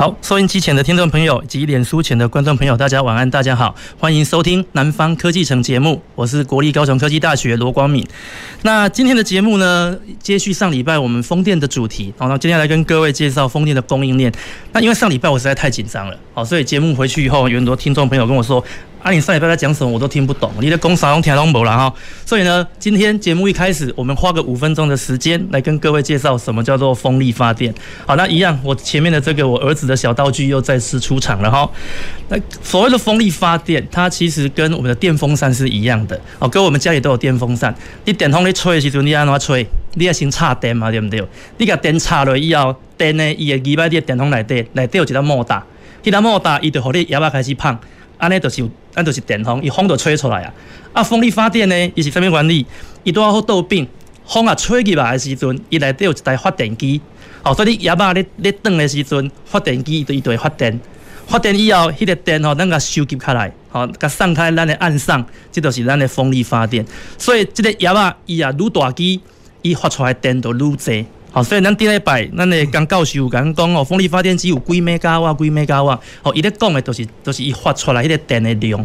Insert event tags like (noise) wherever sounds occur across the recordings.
好，收音機前的聽眾朋友以及臉書前的觀眾朋友，大家晚安，大家好，歡迎收聽南方科技城節目，我是國立高雄科技大學羅光閔。那今天的節目呢，接續上禮拜我們風電的主題，好，那今天來跟各位介紹風電的供應鏈。那因為上禮拜我實在太緊張了，好，所以節目回去以後，有很多聽眾朋友跟我說。啊！你上禮拜在講什麼，我都聽不懂。你的講啥用聽攏無了哈？所以呢，今天節目一開始，我們花個五分鐘的時間來跟各位介紹什麼叫做風力發電。好，那一樣，我前面的這個我兒子的小道具又再次出場了哈。那所謂的風力發電，它其實跟我們的電風扇是一樣的哦，跟我們家裡都有電風扇。你電風扇吹的時陣，你按怎吹？你要先插電嘛，對不對？你把電插了以後，電呢，一伊會擠擺在電來風扇內底，內底有一隻毛打，那毛打伊就讓你牙齒開始碰。安尼就是安就是電風，伊風就吹出來啊。啊，風力發電呢，伊是啥物原理？伊拄好好倒冰，風啊吹起來的時陣，伊內底有一台發電機。哦，所以野鴨咧咧轉的時陣，發電機伊就伊就會發電。發電以後，迄、那個電吼，咱、哦、甲收集起來，吼、哦，甲散開，咱來暗送，這就是咱的風力發電。所以這爺爺，即個野鴨伊啊，愈大機，伊發出來的電就愈濟。好，所以咱頂禮拜，咱的跟教授有甲講講哦，風力發電機有幾咩高啊，幾咩高啊，好、哦，伊咧講的都，就是都，就是伊發出來迄個電的量。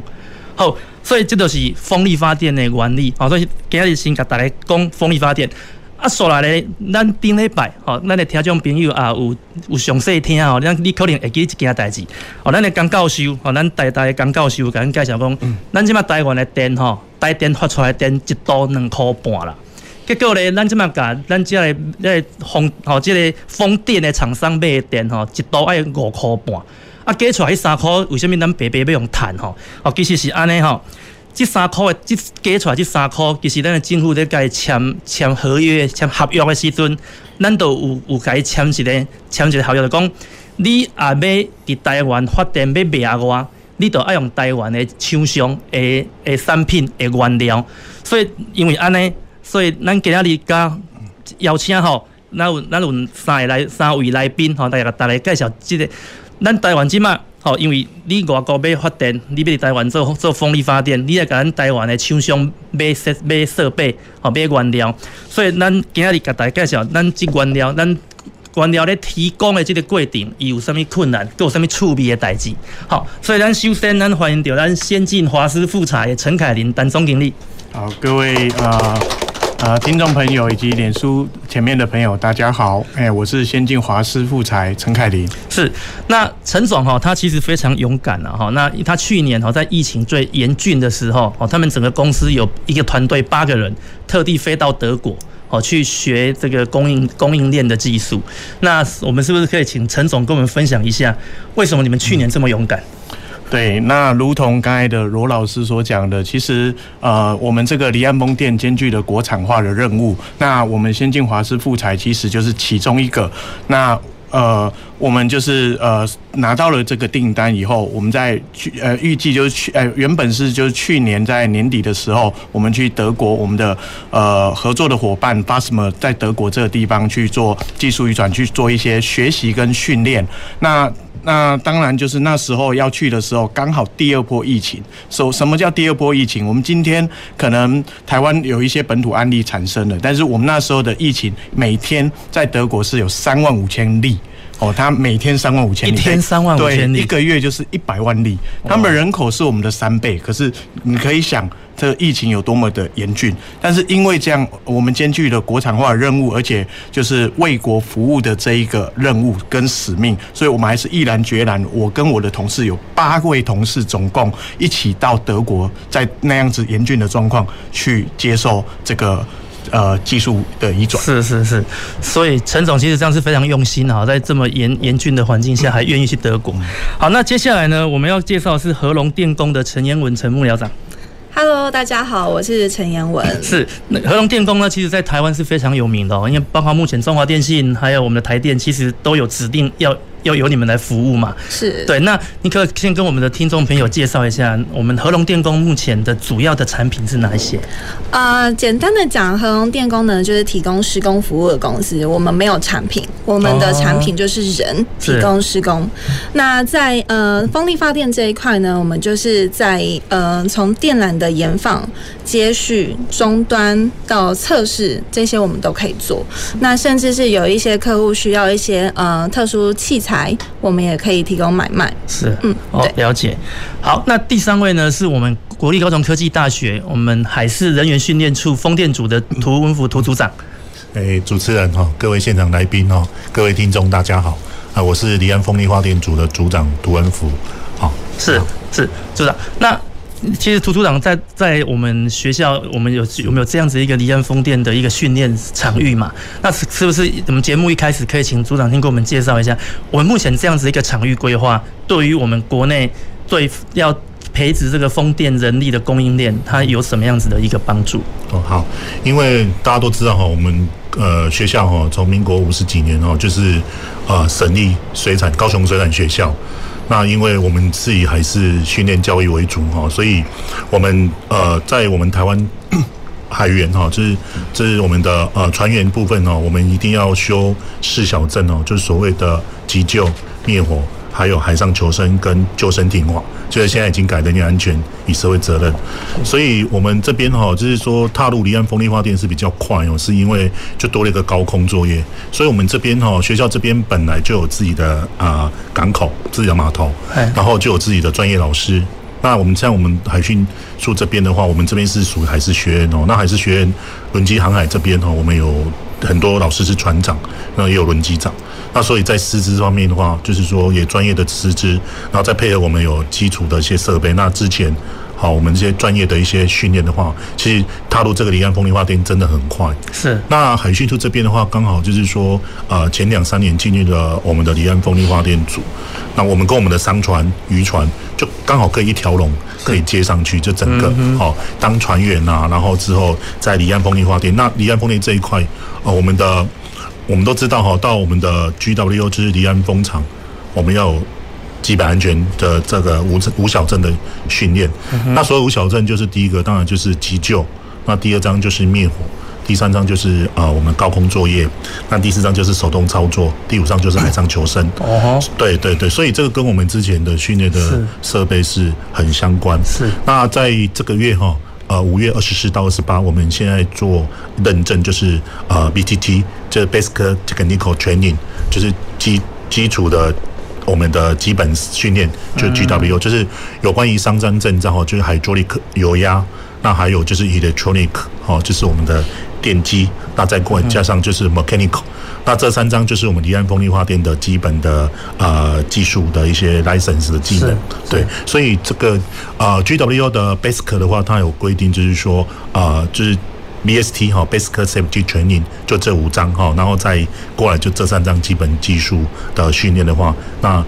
好，所以即就是風力發電的原理。好，哦，所以今日先甲大家講風力發電。啊，續來咧，咱頂禮拜，好，哦，咱的聽眾朋友也，啊，有有詳細聽哦，咱你可能會記一件代誌。哦，咱的跟教授，哦，咱大大跟教授有甲講介紹講，咱即馬台灣的電吼，台電發出來的電一度兩箍半啦。結果呢，咱即馬甲，咱只、哦這個即個風吼，即個風電的廠商賣的電吼、哦，一度要五塊半，啊，加出來即三塊，為蝦米咱白白要用碳吼？哦，其實是安尼吼，即、哦、三塊誒，即加出即三塊，其實咱的政府咧甲伊簽簽合約，簽合約的時陣，咱就有有甲伊簽一個簽一個合約就，就講你啊，要佇台灣發電要賣阿話，你就要用台灣的廠商的的產品的原料，所以因為安尼。所以，咱今日咧甲邀請吼，咱有咱有三來三位來賓吼，大家帶來介紹這個。咱台灣即嘛吼，因為你外國買發電，你佇台灣做做風力發電，你也甲咱台灣的廠商買設買設備吼，買原料。所以，咱今日咧甲大家介紹咱即原料，咱原料咧提供誒即個過程，伊有啥物困難，有啥物趣味誒代誌。好，所以咱首先，咱歡迎到咱先進華斯複材誒陳凱琳陳總經理。好，各位啊。呃呃，聽眾朋友以及臉書前面的朋友，大家好，哎，我是先進華斯複材陳凱琳，是，那陳總哈，他其實非常勇敢了、啊、哈，那他去年在疫情最嚴峻的時候哦，他們整個公司有一個團隊八個人，特地飛到德國哦，去學這個供應供應鏈的技術，那我們是不是可以請陳總跟我們分享一下，為什麼你們去年這麼勇敢？嗯對，那如同剛才的羅老師所講的，其實呃，我們這個離岸風電兼具的國產化的任務，那我們先進華斯複材其實就是其中一個。那呃，我們就是呃拿到了這個訂單以後，我們在去呃預計就是呃原本是就是去年在年底的時候，我們去德國我們的呃合作的夥伴巴斯馬在德國這個地方去做技術移轉，去做一些學習跟訓練。那那當然就是那時候要去的時候，剛好第二波疫情，so，什什麼叫第二波疫情？我們今天可能台灣有一些本土案例產生了，但是我們那時候的疫情每天在德國是有三萬五千例。哦，他每天三萬五千例，一天三萬五千例，對對一個月就是一百萬例。哦、他們人口是我們的三倍，可是你可以想，這疫情有多麼的嚴峻。但是因為這樣，我們肩負了國產化任務，而且就是為國服務的這一個任務跟使命，所以我們還是毅然決然。我跟我的同事有八位同事，總共一起到德國，在那樣子嚴峻的狀況去接受這個。呃，技術的移轉是是是，所以陳總其實這樣是非常用心啊，在這麼嚴嚴峻的環境下，還願意去德國。嗯、好，那接下來呢，我們要介紹的是合隆電工的陳妍妏陳幕僚長。Hello，大家好，我是陳妍妏。是那，合隆電工呢，其實在台灣是非常有名的、哦，因為包括目前中華電信還有我們的台電，其實都有指定要。要由你們來服務嘛？是對。那你可以先跟我們的聽眾朋友介紹一下，我們合隆電工目前的主要的產品是哪一些？啊、呃，簡單的講，合隆電工呢就是提供施工服務的公司。我們沒有產品，我們的產品就是人、哦、提供施工。是那在呃風力發電這一塊呢，我們就是在呃從電纜的延放、接續、終端到測試，這些我們都可以做。那甚至是有一些客戶需要一些呃特殊器材，來，我們也可以提供買賣。是，嗯，哦，對了解。好，那第三位呢，是我們國立高雄科技大學我們海事人員訓練處風電組的凃文福凃組長。哎、嗯欸，主持人哈，各位現場來賓哦，各位聽眾大家好啊，我是離岸風力發電組的組長凃文福啊，是是組長那。其實，凃組長在在我們學校我們，我們有有沒有這樣子一個離岸風電的一個訓練場域嘛？那是不是我們節目一開始可以請組長先給我們介紹一下？我們目前這樣子一個場域規劃，對於我們國內對要培植這個風電人力的供應鏈，它有什麼樣子的一個幫助？哦，好，因為大家都知道哈，我們呃學校哈，從民國五十幾年哦，就是呃省立水產高雄水產學校。那因為我們是以還是訓練教育為主哈，所以我們呃在我們台灣 (coughs) 海員哈，就是這、就是我們的呃船員部分哦，我們一定要修四小證，哦就是所謂的急救滅火。還有海上求生跟救生艇話，就是現在已經改的更安全，與社會責任。是所以，我們這邊哈，就是說踏入離岸風力發電是比較快哦，是因為就多了一個高空作業。所以我們這邊哈，學校這邊本來就有自己的啊港口、自己的碼頭，嘿然後就有自己的專業老師。那我們像我們海訓處這邊的話，我們這邊是屬於海事學院哦。那海事學院輪機航海這邊哦，我們有很多老師是船長，那也有輪機長。那所以在師資方面的話，就是說有專業的師資，然後再配合我們有基礎的一些設備。那之前，好，我們這些專業的一些訓練的話，其實踏入這個離岸風力發電真的很快。是。那海訓處這邊的話，剛好就是說，呃，前兩三年進入了我們的離岸風力發電組，那我們跟我們的商船、漁船就剛好可以一條龍可以接上去，就整個好當船員啊，然後之後在離岸風力發電。那離岸，岸風力這一塊，呃，我們的。我們都知道哈，到我們的 GWO 之離岸風場，我們要有基本安全的這個五、五小證的訓練。嗯、哼那所有五小證就是第一個，當然就是急救；那第二章就是滅火；第三章就是呃我們高空作業；那第四章就是手動操作；第五章就是海上求生。哦吼！對對對，所以這個跟我們之前的訓練的設備是很相關是。是。那在這個月哈。呃，五月二十四到二十八，我們現在做認證，就是呃，BTT，就是 basic technical training，就是基基礎的我們的基本訓練，就是、GWO，、嗯、就是有關於商戰證照，就是 hydraulic 油壓，那還有就是 electronic，哦，就是我們的電機，那再過加上就是 mechanical、嗯。嗯那這三張就是我們離岸風力發電的基本的呃技術的一些 license 的技能，對，所以這個呃 GWO 的 Basic 的話，它有規定就是說啊、呃，就是 BST 哈、哦、Basic Safety Training，就這五張哈、哦，然後再過來就這三張基本技術的訓練的話，那。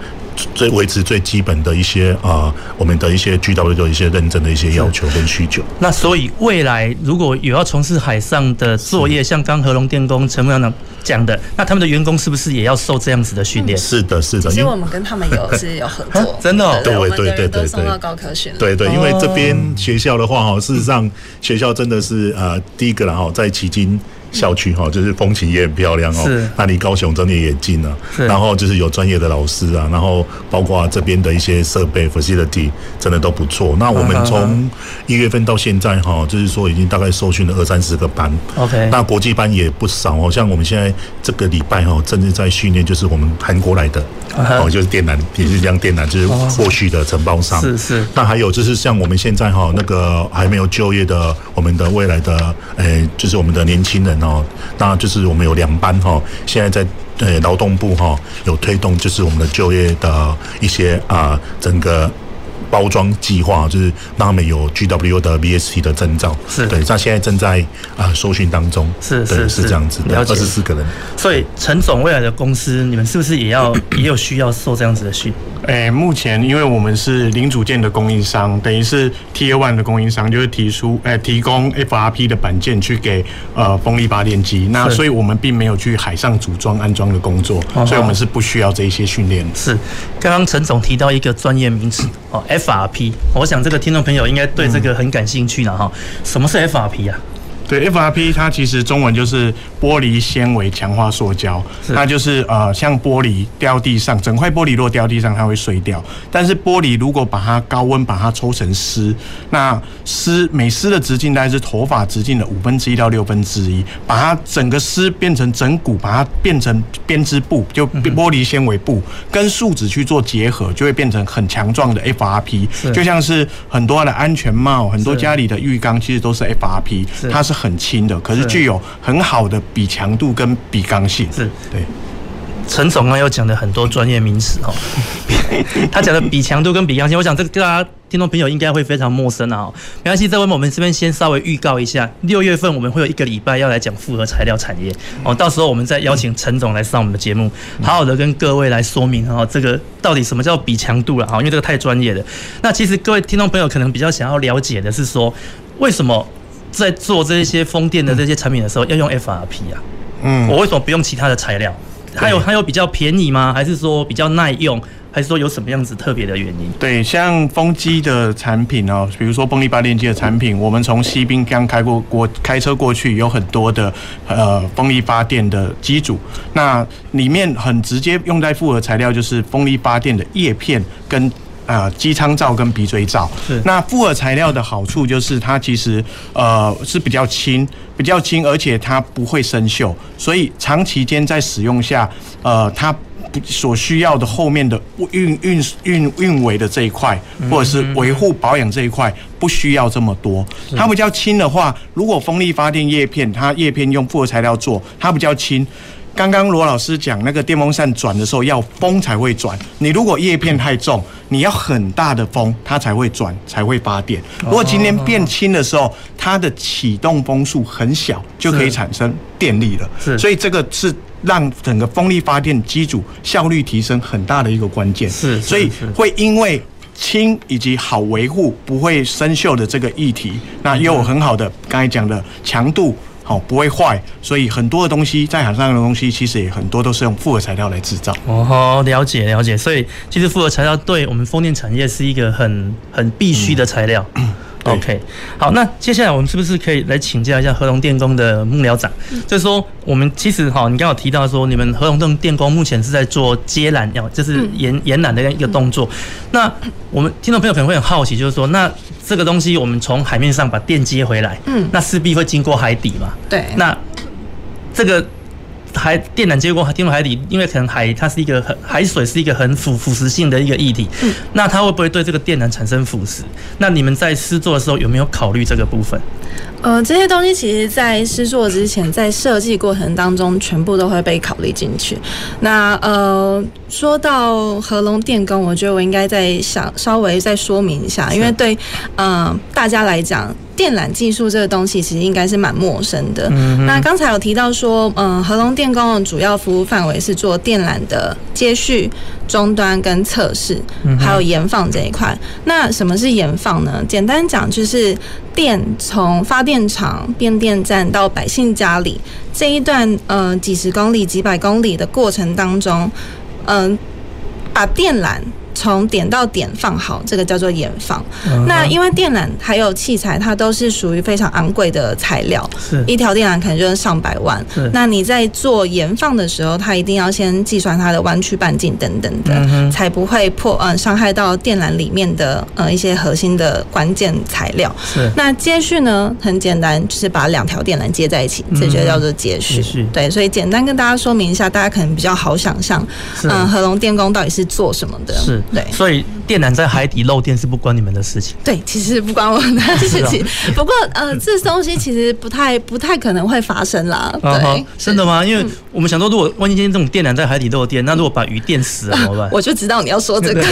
最維持最基本的一些啊、呃，我們的一些 GW 的一些認證的一些要求跟需求。那所以未來如果有要從事海上的作業，是像剛和龍合隆電工陳部長講的，那他們的員工是不是也要受這樣子的訓練、嗯？是的，是的。因為我們跟他們有是 (laughs) 有合作，啊、真的、哦，對，對對對對對對。對對對，因為這邊學校的話哈，事實上學校真的是啊、嗯呃，第一個然後在迄今旗津。校區哈，就是風景也很漂亮哦。是那離高雄真的也近了。是。然後就是有專業的老師啊，然後包括這邊的一些設備、facility 真的都不錯。那我們從一月份到現在哈，就是說已經大概受訓了二三十個班。OK。那國際班也不少，像我們現在這個禮拜哈，正在訓練就是我們韓國來的，哦、uh huh.，就是電纜，也是講電纜，就是後續的承包商。是是、uh。Huh. 那還有就是像我們現在哈，那個還沒有就業的，我們的未來的，誒，就是我們的年輕人。哦，那就是我們有兩班哈，現在在呃勞動部哈有推動，就是我們的就業的一些啊整個。包裝計劃就是讓他們有 GWO 的 BST 的證照，是，對，那現在正在啊受訓當中，是，是，是這樣子的，二十四個人。所以陳對總未來的公司，你們是不是也要咳咳也有需要受這樣子的訓？哎、欸，目前因為我們是零組件的供應商，等於是 Tier 1的供應商，就是提出哎、呃，提供 FRP 的板件去給呃風力發電機。是那所以我們並沒有去海上組裝安裝的工作，哦哦所以我們是不需要這一些訓練。是，剛剛陳總提到一個專業名詞哦。FRP，我想這個聽眾朋友應該對這個很感興趣了哈。什麼是 FRP 啊？對，F R P 它其實中文就是玻璃纖維強化塑膠。是它就是呃像玻璃掉地上，整塊玻璃落掉地上它會碎掉，但是玻璃如果把它高溫把它抽成絲，那絲每絲的直徑大概是頭髮直徑的五分之一到六分之一，1, 把它整個絲變成整股，把它變成編織布，就玻璃纖維布、嗯、哼跟樹脂去做結合，就會變成很強壯的 F R P，是就像是很多的安全帽，很多家裡的浴缸是其實都是 F R P，它是。很輕的，可是具有很好的比強度跟比剛性。對對是，對。陳總啊，又講了很多專業名詞哦。 (laughs) 他講的比強度跟比剛性，我想這個大家聽眾朋友應該會非常陌生的、啊、哈、哦。沒關係，在我們我們這邊先稍微預告一下，六月份我們會有一個禮拜要來講複合材料產業哦。到時候我們再邀請陳總來上我們的節目，好好的跟各位來說明哈、哦，這個到底什麼叫比強度了啊、哦？因為這個太專業了。那其實各位聽眾朋友可能比較想要了解的是說，為什麼？在做這些風電的這些產品的時候，要用 FRP 啊。嗯，我為什麼不用其他的材料？還有對還有比較便宜嗎？還是說比較耐用？還是說有什麼樣子特別的原因？對，像風機的產品哦，比如說風力發電機的產品，嗯、我們從西濱剛開過，我開車過去有很多的呃風力發電的機組，那裡面很直接用在複合材料就是風力發電的葉片跟。呃，機艙罩跟鼻錐罩。是那複合材料的好處就是它其實呃是比較輕，比較輕，而且它不會生銹，所以長期間在使用下，呃，它所需要的後面的運運運運維的這一塊，或者是維護保養這一塊，不需要這麼多。是它比較輕的話，如果風力發電葉片，它葉片用複合材料做，它比較輕。剛剛羅老師講，那個電風扇轉的時候要風才會轉。你如果葉片太重，你要很大的風，它才會轉，才會發電。如果今天變輕的時候，它的啟動風速很小，就可以產生電力了。是，所以這個是讓整個風力發電機組效率提升很大的一個關鍵。是，所以會因為輕以及好維護、不會生鏽的這個議題，那又有很好的剛才講的強度。好、哦，不會壞，所以很多的東西，在海上的東西，其實也很多都是用複合材料來製造。哦，了解了解，所以其實複合材料對我們風電產業是一個很、很必需的材料。嗯 (coughs) OK，好，那接下來我們是不是可以來請教一下合隆電工的幕僚長？嗯、就是說，我們其實哈，你剛好提到說，你們合隆電工目前是在做接纜，要就是延延纜的一個動作。嗯嗯、那我們聽眾朋友可能會很好奇，就是說，那這個東西我們從海面上把電接回來，嗯，那勢必會經過海底嘛？對，那這個。海電纜接過，還進入海底，因為可能海它是一個很海水是一個很腐腐蝕性的一個液體，嗯、那它會不會對這個電纜產生腐蝕？那你們在試做的時候有沒有考慮這個部分？呃，這些東西其實在試做之前，在設計過程當中全部都會被考慮進去。那呃，說到合隆電工，我覺得我應該再想稍微再說明一下，是因為對嗯、呃、大家來講。電纜技術這個東西其實應該是蠻陌生的。嗯、哼那剛才有提到說，嗯，合隆電工的主要服務範圍是做電纜的接續、終端跟測試，嗯、哼還有延放這一塊。那什麼是延放呢？簡單講，就是電從發電廠、變電站到百姓家裡這一段，呃、嗯，幾十公里、幾百公里的過程當中，嗯，把電纜。從點到點放好，這個叫做延放。嗯、哼那因為電纜還有器材，它都是屬於非常昂貴的材料。是，一條電纜可能就是上百萬。是那你在做延放的時候，它一定要先計算它的彎曲半徑等等的，嗯、哼才不會破呃傷害到電纜裡面的呃一些核心的關鍵材料。是。那接續呢，很簡單，就是把兩條電纜接在一起，這就叫做接續。嗯、對。所以簡單跟大家說明一下，大家可能比較好想象，嗯、呃，合隆是電工到底是做什麼的？是。對，所以。電纜在海底漏電是不關你們的事情。對，其實不關我們的事情。喔、不過呃，這東西其實不太不太可能會發生啦。對啊，真的嗎？是因為我們想說，如果萬一今天這種電纜在海底漏電，那如果把魚電死了怎麼辦？啊、我就知道你要說這個。 (laughs)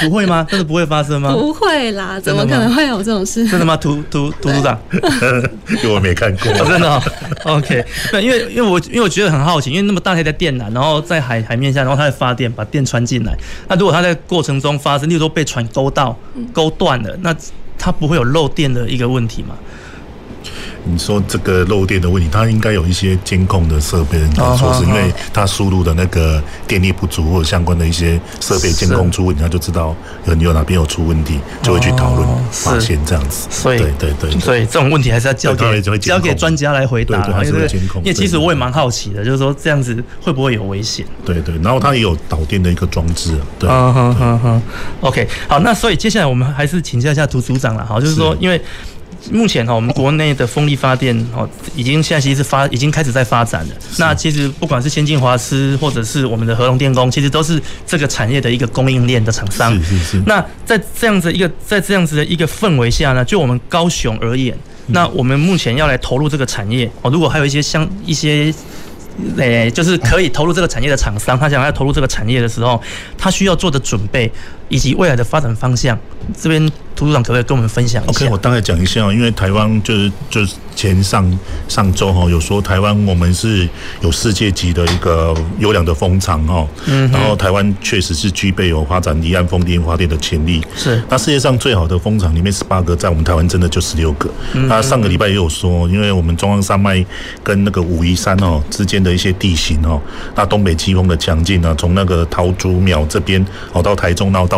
不會嗎？真的不會發生嗎？不會啦，怎麼可能會有這種事？真的嗎？凃凃凃組長，因為 (laughs) 我沒看過、啊，真、 (laughs) 啊、的、喔。OK，因為因為我因為我覺得很好奇，因為那麼大黑的電纜，然後在海海面下，然後它會發電，把電穿進來，那如果它在在過程中發生，例如說被船勾到、勾斷了，那它不會有漏電的一個問題嗎？你說這個漏電的問題，它應該有一些監控的設備。你說是因為它輸入的那個電力不足，或相關的一些設備監控出問題，是它就知道有有哪邊有出問題，就會去討論發現這樣子。所以、oh, 對，對對對，所以對對對對這種問題還是要交給交給專家來回答。還是會監控。也其實我也蠻好奇的，對對對就是說這樣子會不會有危險？對，對對，然後它也有導電的一個裝置。對，好好哼。o、okay, k 好，那所以接下來我們還是請教一下凃組長了，好，就是說因為。目前哈，我們國內的風力發電哦，已經現在其實是發，已經開始在發展了。是那其實不管是先進華斯或者是我們的合隆電工，其實都是這個產業的一個供應鏈的廠商。是是是。那在這樣子一個在這樣子的一個氛圍下呢，就我們高雄而言，嗯、那我們目前要來投入這個產業哦。如果還有一些像一些，誒、欸，就是可以投入這個產業的廠商，他想要投入這個產業的時候，他需要做的準備。以及未來的發展方向，這邊涂組長可不可以跟我們分享一下？OK，我大概講一下哦。因為台灣就是就是前上上周哈，有說台灣我們是有世界級的一個優良的風場哈，嗯哼，然後台灣確實是具備有發展離岸風電發電的潛力。是，那世界上最好的風場裡面十八個，在我們台灣真的就十六個。嗯、哼那上個禮拜也有說，因為我們中央山脈跟那個武夷山哦之間的一些地形哦，那東北季風的強勁呢，從那個桃竹苗這邊哦到台中，然後到。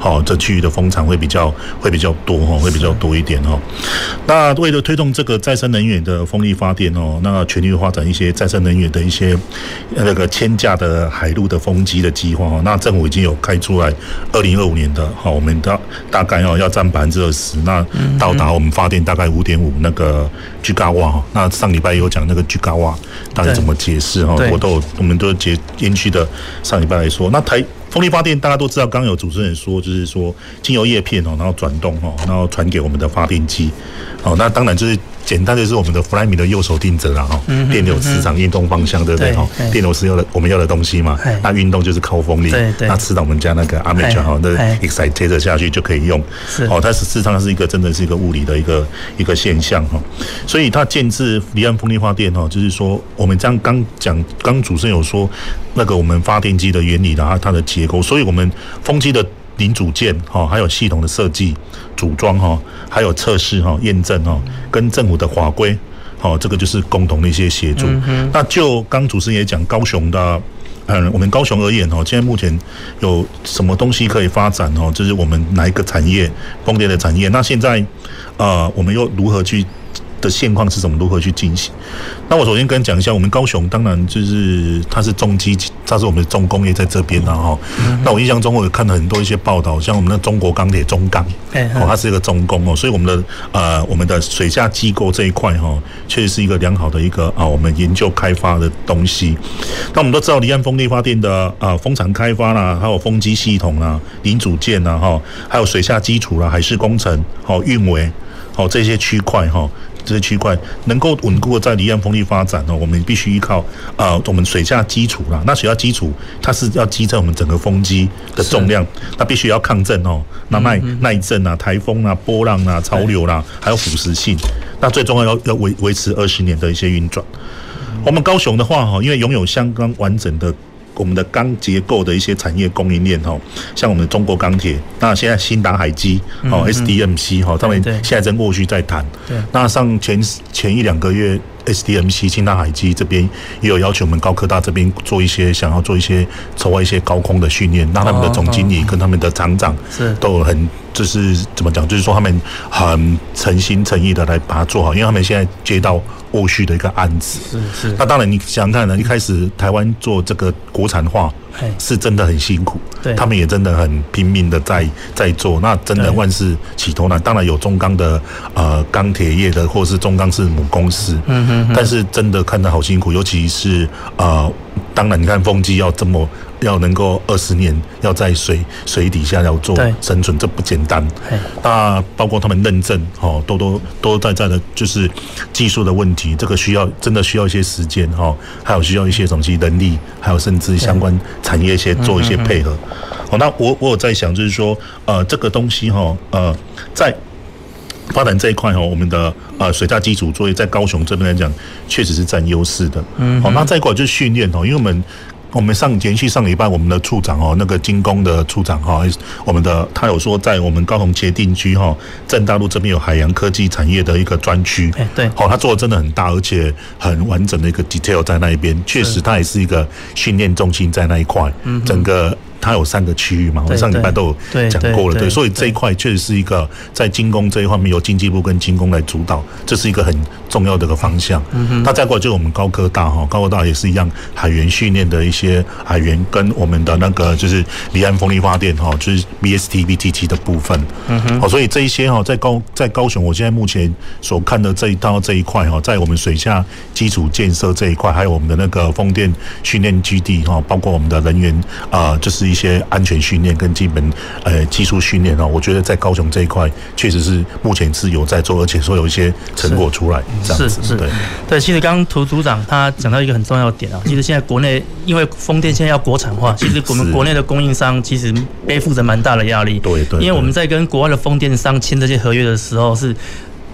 好，這區域的風場會比較會比較多哈，會比較多一點哦。是那為了推動這個再生能源的風力發電哦，那全力發展一些再生能源的一些那個千架的海陸的風機的計劃哦，那政府已經有開出來二零二五年的，好，我們大大概哦要佔百分之二十，那到達我們發電大概五點五那個吉咖瓦。那上禮拜有講那個吉咖瓦，大概怎麼解釋哈？對我都我們都接延續的上禮拜來說，那台。風力發電大家都知道，剛有主持人說，就是說，經由葉片哦，然後轉動哈，然後傳給我們的發電機，哦，那當然就是簡單的，是我們的弗萊明的右手定則了哈。電流磁場運動方向對不對？哈，電流是要的，我們要的東西嘛。那運動就是靠風力，那吃到我們家那個 armature 哈，那 excited 下去就可以用。哦，它實際上是一個真的是一個物理的一個一個現象哈。所以它建置離岸風力發電哈，就是說我們將剛講，剛主持人有說那個我們發電機的原理的，它它的。結構，所以我們風機的零組件哈，還有系統的設計、組裝哈，還有測試哈、驗證哈，跟政府的法規，這個就是共同的一些協助。那就剛主持人也講，高雄的，嗯，我們高雄而言現在目前有什麼東西可以發展哦？就是我們哪一個產業，風電的產業？那現在，我們又如何去？的現況是怎麼如何去進行？那我首先跟你講一下，我們高雄當然就是它是重機，它是我們的重工業在這邊的哈。那、哦嗯、我印象中，我有看到很多一些報道，像我們的中國鋼鐵中鋼，哦，它是一個重工哦，所以我們的呃我們的水下機構這一塊哈，確、哦、實是一個良好的一個啊、哦，我們研究開發的東西。那我們都知道離岸風力發電的啊、呃、風場開發啦，還有風機系統啦、零組件啦，哈、哦，還有水下基礎啦，海事工程、好運維、好、哦、這些區塊哈。哦這些區塊能夠穩固的在離岸風力發展呢，我們必須依靠啊、呃，我們水下基礎啦。那水下基礎它是要支撐我們整個風機的重量，是它必須要抗震哦，那耐耐震啊、颱風啊、波浪啊、潮流啦、啊，對還有腐蝕性。那最重要要要維維持二十年的一些運轉。我們高雄的話哈，因為擁有相當完整的。我們的鋼結構的一些產業供應鏈哦，像我們的中國鋼鐵，那現在興達海基哦，SDMC 哈，嗯嗯、SD MC，他們現在正陸續在談。對對對，那上前前一兩個月，SDMC 興達海基這邊也有要求我們高科大這邊做一些，想要做一些籌劃一些高空的訓練。哦、那他們的總經理跟他們的廠長是都有很，就是怎麼講，就是說他們很誠心誠意的來把它做好，因為他們現在接到。後續的一個案子，是是是。那當然，你想想看呢？一開始台灣做這個國產化。是真的很辛苦，對他們也真的很拼命的在在做，那真的萬事起頭難。對當然有中鋼的呃鋼鐵業的，或是中鋼是母公司，嗯哼嗯哼，但是真的看得好辛苦，尤其是呃，當然你看風機要這麼要能夠二十年要在水水底下要做生存，對這不簡單。嘿那包括他們認證，哦，多多多在在的，就是技術的問題，這個需要真的需要一些時間哦，還有需要一些什麼機能力，還有甚至相關。產業先做一些配合，好、嗯哼哦，那我我有在想，就是說，呃，這個東西哈、哦，呃，在發展這一塊哈、哦，我們的呃水下基礎作業在高雄這邊來講，確實是佔優勢的。嗯哼，好、哦，那再一個就是訓練哈，因為我們。我們上連續上禮拜，我們的處長哦，那個金工的處長哈，我們的他有說在我們高雄茄萣區哈，在大陸這邊有海洋科技產業的一個專區，對，好，他做的真的很大，而且很完整的一個 detail 在那一邊，確實他也是一個訓練中心在那一塊，嗯，整個他有三個區域嘛，我們上禮拜都有講過了，對，所以這一塊確實是一個在金工這一方面由經濟部跟金工來主導，這是一個很。重要的一個方向，嗯，他哼再過來就是我們高科大哈，高科大也是一樣，海員訓練的一些海員跟我們的那個就是離岸風力發電哈，就是 BSTBTT 的部分，嗯好哼，所以這一些哈，在高在高雄，我現在目前所看的這一道這一塊哈，在我們水下基礎建設這一塊，還有我們的那個風電訓練基地哈，包括我們的人員啊，就是一些安全訓練跟基本呃技術訓練哈，我覺得在高雄這一塊確實是目前是有在做，而且說有一些成果出來。是是，對，其實剛剛涂組長他講到一個很重要的點啊，其實現在國內因為風電現在要國產化，其實我們國內的供應商其實背負着蠻大的壓力，對對對，因為我們在跟國外的風電商簽這些合約的時候是。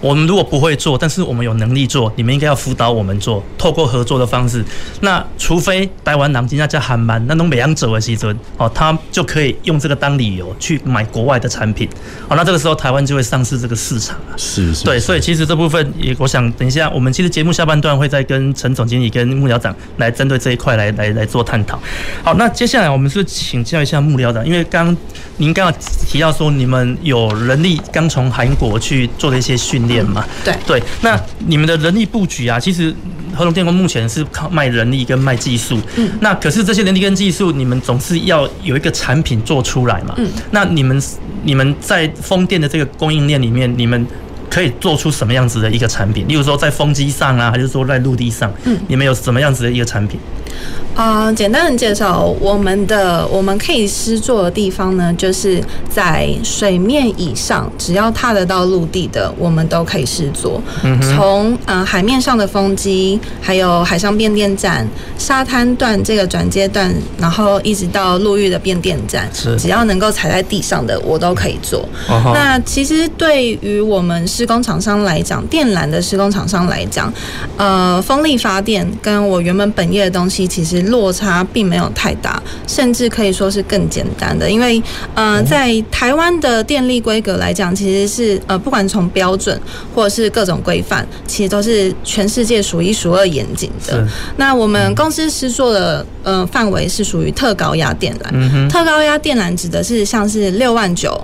我們如果不會做，但是我們有能力做，你們應該要輔導我們做，透過合作的方式。那除非台灣、南京那家韓曼那種北洋者西村哦，他就可以用這個當理由去買國外的產品。哦，那這個時候台灣就會喪失這個市場了。是是，是。對，所以其實這部分也，我想等一下我們其實節目下半段會再跟陳總經理跟幕僚長來針對這一塊來來來做探討。好，那接下來我們是請教一下幕僚長，因為剛您剛剛提到說你們有能力剛從韓國去做了一些訓練。嗯、對對，那你們的人力布局啊，其實合隆電工目前是靠賣人力跟賣技術。嗯，那可是這些人力跟技術，你們總是要有一個產品做出來嘛。嗯，那你們你們在風電的這個供應鏈裡面，你們可以做出什麼樣子的一個產品？例如說在風機上啊，還是說在陸地上？嗯，你們有什麼樣子的一個產品？嗯啊，uh, 簡單的介紹，我們的我們可以施作的地方呢，就是在水面以上，只要踏得到陸地的，我們都可以施作。從、mm hmm. 呃海面上的風機，還有海上變電站、沙灘段這個轉接段，然後一直到陸域的變電站，是只要能夠踩在地上的，我都可以做。Oh. 那其實對於我們施工廠商來講，電纜的施工廠商來講，呃，風力發電跟我原本本業的東西其實。落差並沒有太大，甚至可以說是更簡單的，因為呃，哦、在台灣的電力規格來講，其實是呃，不管從標準或者是各種規範，其實都是全世界數一數二嚴謹的。是那我們公司、嗯呃、施作的呃範圍是屬於特高壓電纜，嗯、哼特高壓電纜指的是像是六萬九。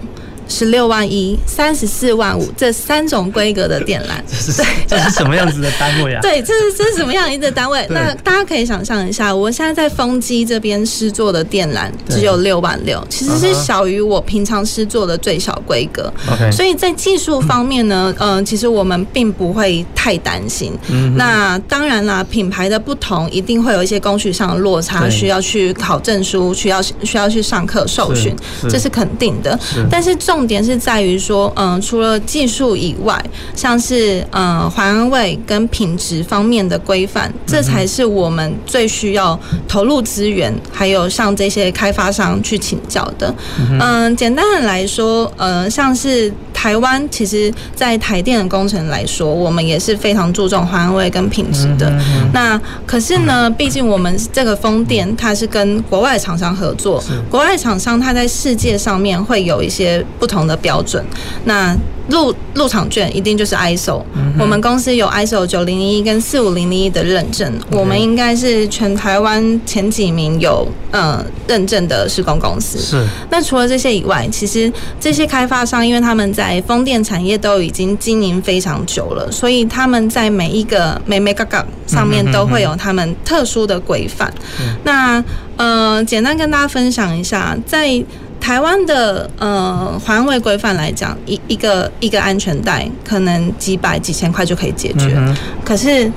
十六萬一、三十四萬五，這三種規格的電纜， (laughs) 這是對，這是什麼樣子的單位啊？對，這是這是什麼樣一個單位？ (laughs) 對那大家可以想象一下，我現在在風機這邊施作的電纜只有六萬六，其實是小於我平常施作的最小規格。OK，、uh huh. 所以在技術方面呢，嗯 Okay.、呃，其實我們並不會太擔心。嗯， (laughs) 那當然啦，品牌的不同一定會有一些工序上的落差，對需要去考證書，需要需要去上課受訓，是是這是肯定的。是但是重重點是在於說，嗯、呃，除了技術以外，像是嗯，環、呃、衛跟品質方面的規範，這才是我們最需要投入資源，還有向這些開發商去請教的。嗯、呃，簡單的來說，呃，像是台灣，其實在台電的工程來說，我們也是非常注重環衛跟品質的。那可是呢，畢竟我們這個風電，它是跟國外廠商合作，國外廠商它在世界上面會有一些不。不同的標準，那入入場券一定就是 ISO、嗯哼。我們公司有 ISO 九零零一跟四五零零一的認證，嗯、哼我們應該是全台灣前幾名有呃認證的施工公司。是。那除了這些以外，其實這些開發商，因為他們在風電產業都已經經營非常久了，所以他們在每一個每每個嘎嘎上面、嗯、哼哼都會有他們特殊的規範。嗯、哼那呃簡單跟大家分享一下，在。台灣的呃，環衛規範來講，一一個一個安全帶可能幾百幾千塊就可以解決，嗯、哼可是。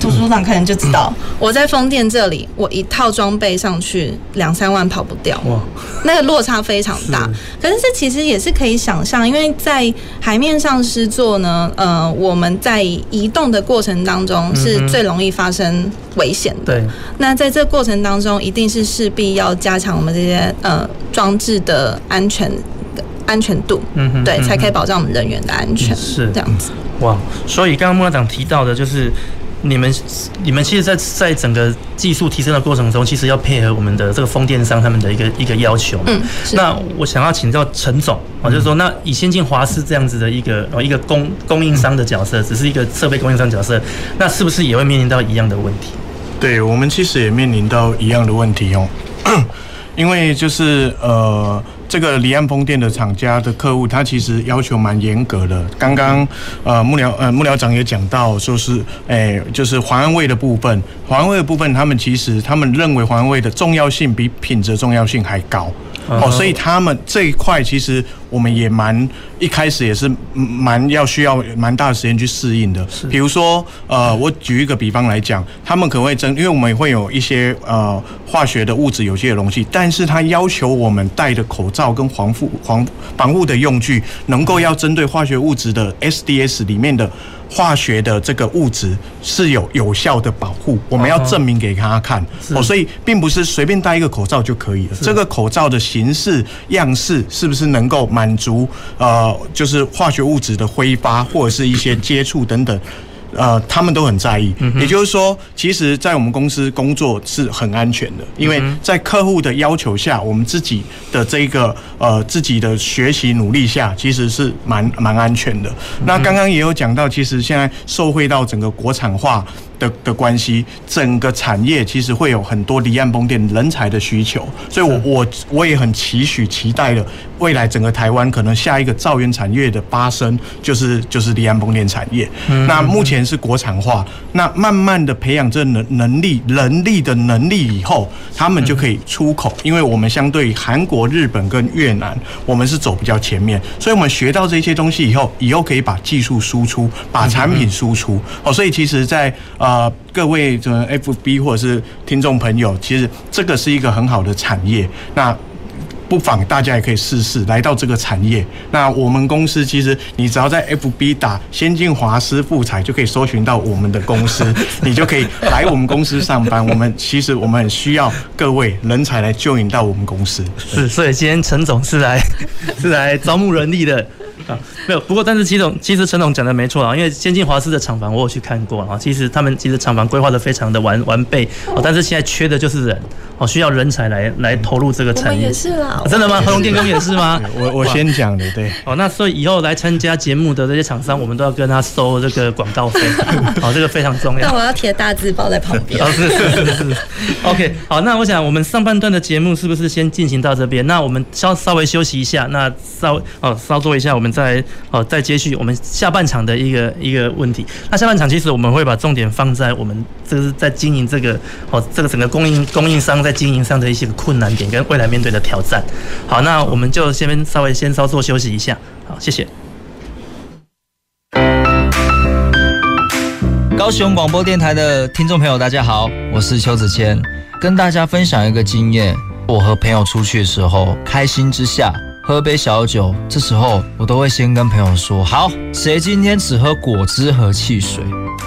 圖書上可能就知道我在風電這裡，我一套裝備上去兩三萬跑不掉，哇，那個落差非常大。是，可是這其實也是可以想象，因為在海面上施作呢，呃，我們在移動的過程當中是最容易發生危險的。嗯、對，那在這過程當中，一定是勢必要加強我們這些呃裝置的安全安全度，嗯哼，對，嗯、哼才可以保障我們人員的安全。是、嗯、哼這樣子、嗯，哇，所以剛剛莫長提到的就是。你們你們其實在，在在整個技術提升的過程中，其實要配合我們的這個風電商他們的一個一個要求。嗯，那我想要請教陳總啊，就是說，那以先進華斯這樣子的一個哦一個供供應商的角色，只是一個設備供應商的角色，那是不是也會面臨到一樣的問題？對，我們其實也面臨到一樣的問題哦， (coughs) 因為就是呃。這個離岸風電的廠家的客戶，他其實要求蠻嚴格的。剛剛，呃，幕僚，呃，幕僚長也講到，說是，哎、欸，就是環安衛的部分，環安衛的部分，他們其實他們認為環安衛的重要性比品質的重要性還高，uh huh. 哦，所以他們這一塊其實。我們也蠻一開始也是蠻要需要蠻大的時間去適應的。是，比如說，呃，我舉一個比方來講，他們可能會針，因為我們也會有一些呃化學的物質，有些東西，但是他要求我們戴的口罩跟防護防防護的用具，能夠要針對化學物質的 SDS 裡面的化學的這個物質是有有效的保護，我們要證明給他看。哦，是哦，所以並不是隨便戴一個口罩就可以了。是這個口罩的形式樣式是不是能夠滿。滿足呃，就是化學物質的揮發或者是一些接觸等等，呃，他們都很在意。嗯哼。也就是說，其實在我們公司工作是很安全的，因為在客戶的要求下，我們自己的這個呃自己的學習努力下，其實是蠻蠻安全的。嗯哼。那剛剛也有講到，其實現在受惠到整個國產化。的的關係，整個產業其實會有很多離岸風電人才的需求，所以我，是我我我也很期許期待的未來，整個台灣可能下一個兆元產業的發生，就是，就是就是離岸風電產業。嗯嗯，那目前是國產化，那慢慢的培養這能能力，能力的能力以後，他們就可以出口，是因為我們相對韓國、日本跟越南，我們是走比較前面，所以我們學到這些東西以後，以後可以把技術輸出，把產品輸出。哦、嗯嗯，所以其實在，在呃。啊、呃，各位，就 FB 或者是聽眾朋友，其實這個是一個很好的產業，那不妨大家也可以試試來到這個產業。那我們公司其實你只要在 FB 打“先進華斯複材”就可以搜尋到我們的公司， (laughs) 你就可以來我們公司上班。我們其實我們很需要各位人才來 join 到我們公司。是，所以今天陳總是來是來招募人力的。啊，沒有，不過但是，齊總其實陳總講的沒錯啊，因為先進華斯的廠房我有去看過啊，其實他們其實廠房規劃的非常的完完備哦、啊，但是現在缺的就是人哦、啊，需要人才來來投入這個產業。也是啦，也是啦、啊，真的嗎？合隆電工也是嗎？我我先講的，對哦、啊，那所以以後來參加節目的這些廠商，我們都要跟他收這個廣告費，好、 (laughs) 啊，這個非常重要。但 (laughs) 我要貼大字報在旁邊。哦、 (laughs) o、okay, k 好，那我想我們上半段的節目是不是先進行到這邊？那我們稍稍微休息一下，那稍微哦稍作一下我們。再哦，再接續我們下半場的一個一個問題。那下半場其實我們會把重點放在我們就是在經營這個哦，這個整個供應供應商在經營上的一些困難點跟未來面對的挑戰。好，那我們就先稍微先稍作休息一下。好，謝謝。高雄廣播電台的聽眾朋友，大家好，我是邱子謙，跟大家分享一個經驗。我和朋友出去的時候，開心之下。喝杯小酒，這時候我都會先跟朋友說好，誰今天只喝果汁和汽水，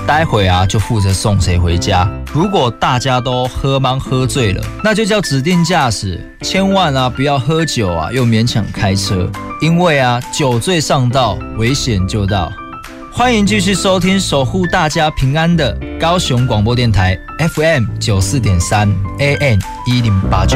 待會啊就負責送誰回家。如果大家都喝茫喝醉了，那就叫指定駕駛，千萬啊不要喝酒啊又勉強開車，因為啊酒醉上道危險就到。歡迎繼續收聽守護大家平安的高雄廣播電臺 FM 九四點三 AM 一零八九。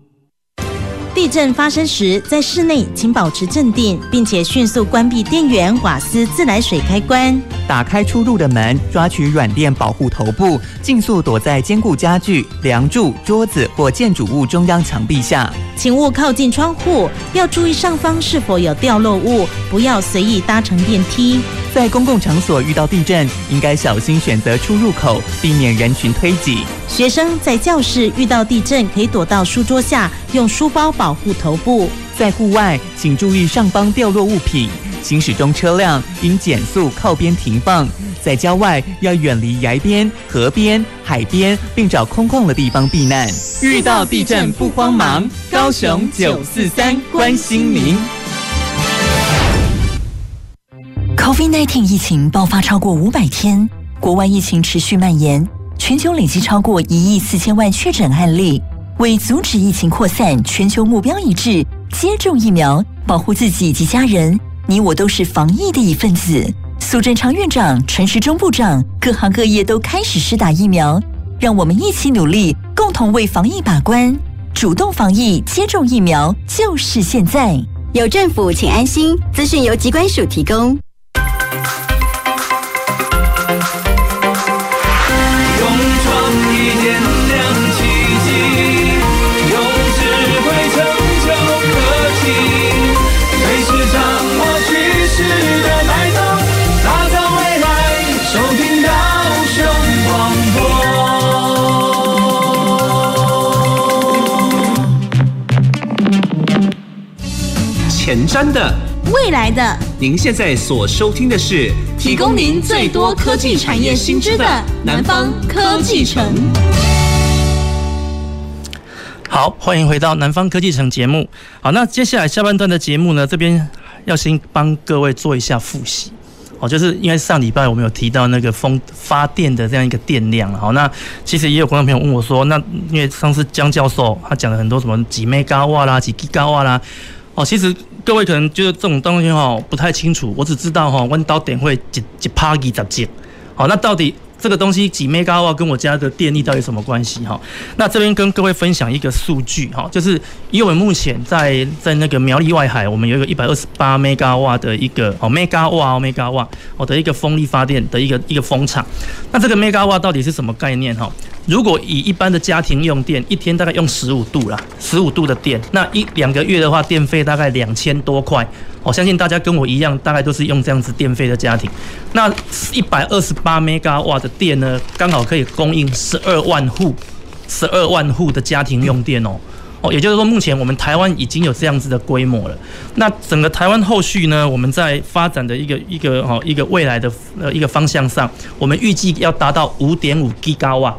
地震發生時，在室內請保持鎮定，並且迅速關閉電源、瓦斯、自來水開關，打開出入的門，抓取軟墊保護頭部，盡速躲在堅固家具、梁柱、桌子或建築物中央牆壁下。請勿靠近窗戶，要注意上方是否有掉落物，不要隨意搭乘電梯。在公共場所遇到地震，應該小心選擇出入口，避免人群推擠。學生在教室遇到地震，可以躲到書桌下，用書包。保護頭部，在戶外請注意上方掉落物品。行駛中車輛應減速靠邊停放。在郊外要遠離崖邊、河邊、海邊，並找空曠的地方避難。遇到地震不慌忙，高雄九四三關心您。COVID-19 疫情爆發超過五百天，國外疫情持續蔓延，全球累計超過一億四千萬確診案例。為阻止疫情擴散，全球目標一致：接種疫苗，保護自己及家人。你我都是防疫的一份子。蘇貞昌院長、陳時中部長，各行各業都開始施打疫苗。讓我們一起努力，共同為防疫把關。主動防疫，接種疫苗，就是現在。有政府，請安心。資訊由疾管署提供。前瞻的未來的，您現在所收聽的是提供您最多科技產業新知的南方科技城。好，歡迎回到南方科技城節目。好，那接下來下半段的節目呢，這邊要先幫各位做一下複習。哦，就是因為上禮拜我們有提到那個風發電的這樣一個電量。好，那其實也有觀眾朋友問我說，那因為上次江教授他講了很多什麼幾 mega 瓦啦，幾 giga 瓦啦，哦，其實。各位可能覺得這種東西哈不太清楚，我只知道哈彎刀點會一一趴二十集，好，那到底這個東西幾 megawatt 跟我家的電力到底什麼關係哈？那這邊跟各位分享一個數據哈，就是以我們目前在在那個苗栗外海，我們有一個一百二十八 megawatt 的一個哦 megawatt megawatt 我的一個風力發電的一個一個風場。那這個 megawatt 到底是什麼概念哈？如果以一般的家庭用電，一天大概用十五度啦，十五度的電，那一兩個月的話，電費大概兩千多塊。我、哦、相信大家跟我一樣，大概都是用這樣子電費的家庭。那一百二十八 megawatt 的電呢，剛好可以供應十二萬戶、十二萬戶的家庭用電哦。哦，也就是說，目前我們台灣已經有這樣子的規模了。那整個台灣後續呢，我們在發展的一個一個哦，一個未來的呃一個方向上，我們預計要達到五點五 gigawatt。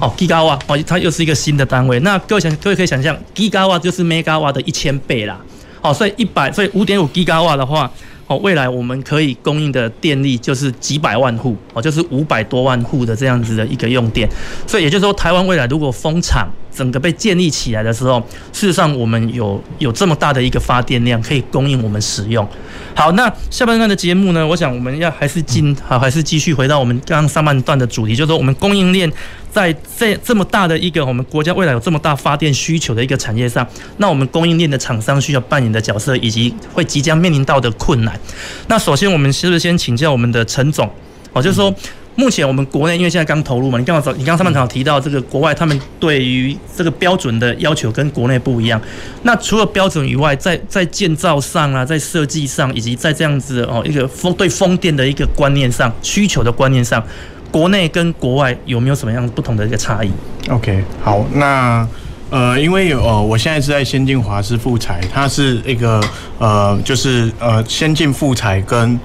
哦，gigawatt 哦，它又是一個新的單位。那各位想，各位可以想象，gigawatt 就是 megawatt 的一千倍啦。哦，所以一百，所以五點五吉瓦的話，哦，未來我們可以供應的電力就是幾百萬戶，哦，就是五百多萬戶的這樣子的一個用電，所以也就是說，台灣未來如果風場，整個被建立起來的時候，事實上我們有有這麼大的一個發電量可以供應我們使用。好，那下半段的節目呢，我想我們要還是進好，還是繼續回到我們剛剛上半段的主題，就是說我們供應鏈在這這麼大的一個我們國家未來有這麼大發電需求的一個產業上，那我們供應鏈的廠商需要扮演的角色以及會即將面臨到的困難。那首先我們是不是先請教我們的陳總？哦，就是說。嗯目前我們國內因為現在剛投入嘛，你剛剛早，你剛剛上面好提到這個國外他們對於這個標準的要求跟國內不一樣。那除了標準以外，在在建造上啊，在設計上，以及在這樣子哦一個風對風電的一個觀念上，需求的觀念上，國內跟國外有沒有什麼樣不同的一個差異？OK，好，那呃，因為有哦、呃，我現在是在先進華斯複材，它是一個呃，就是呃先進複材跟。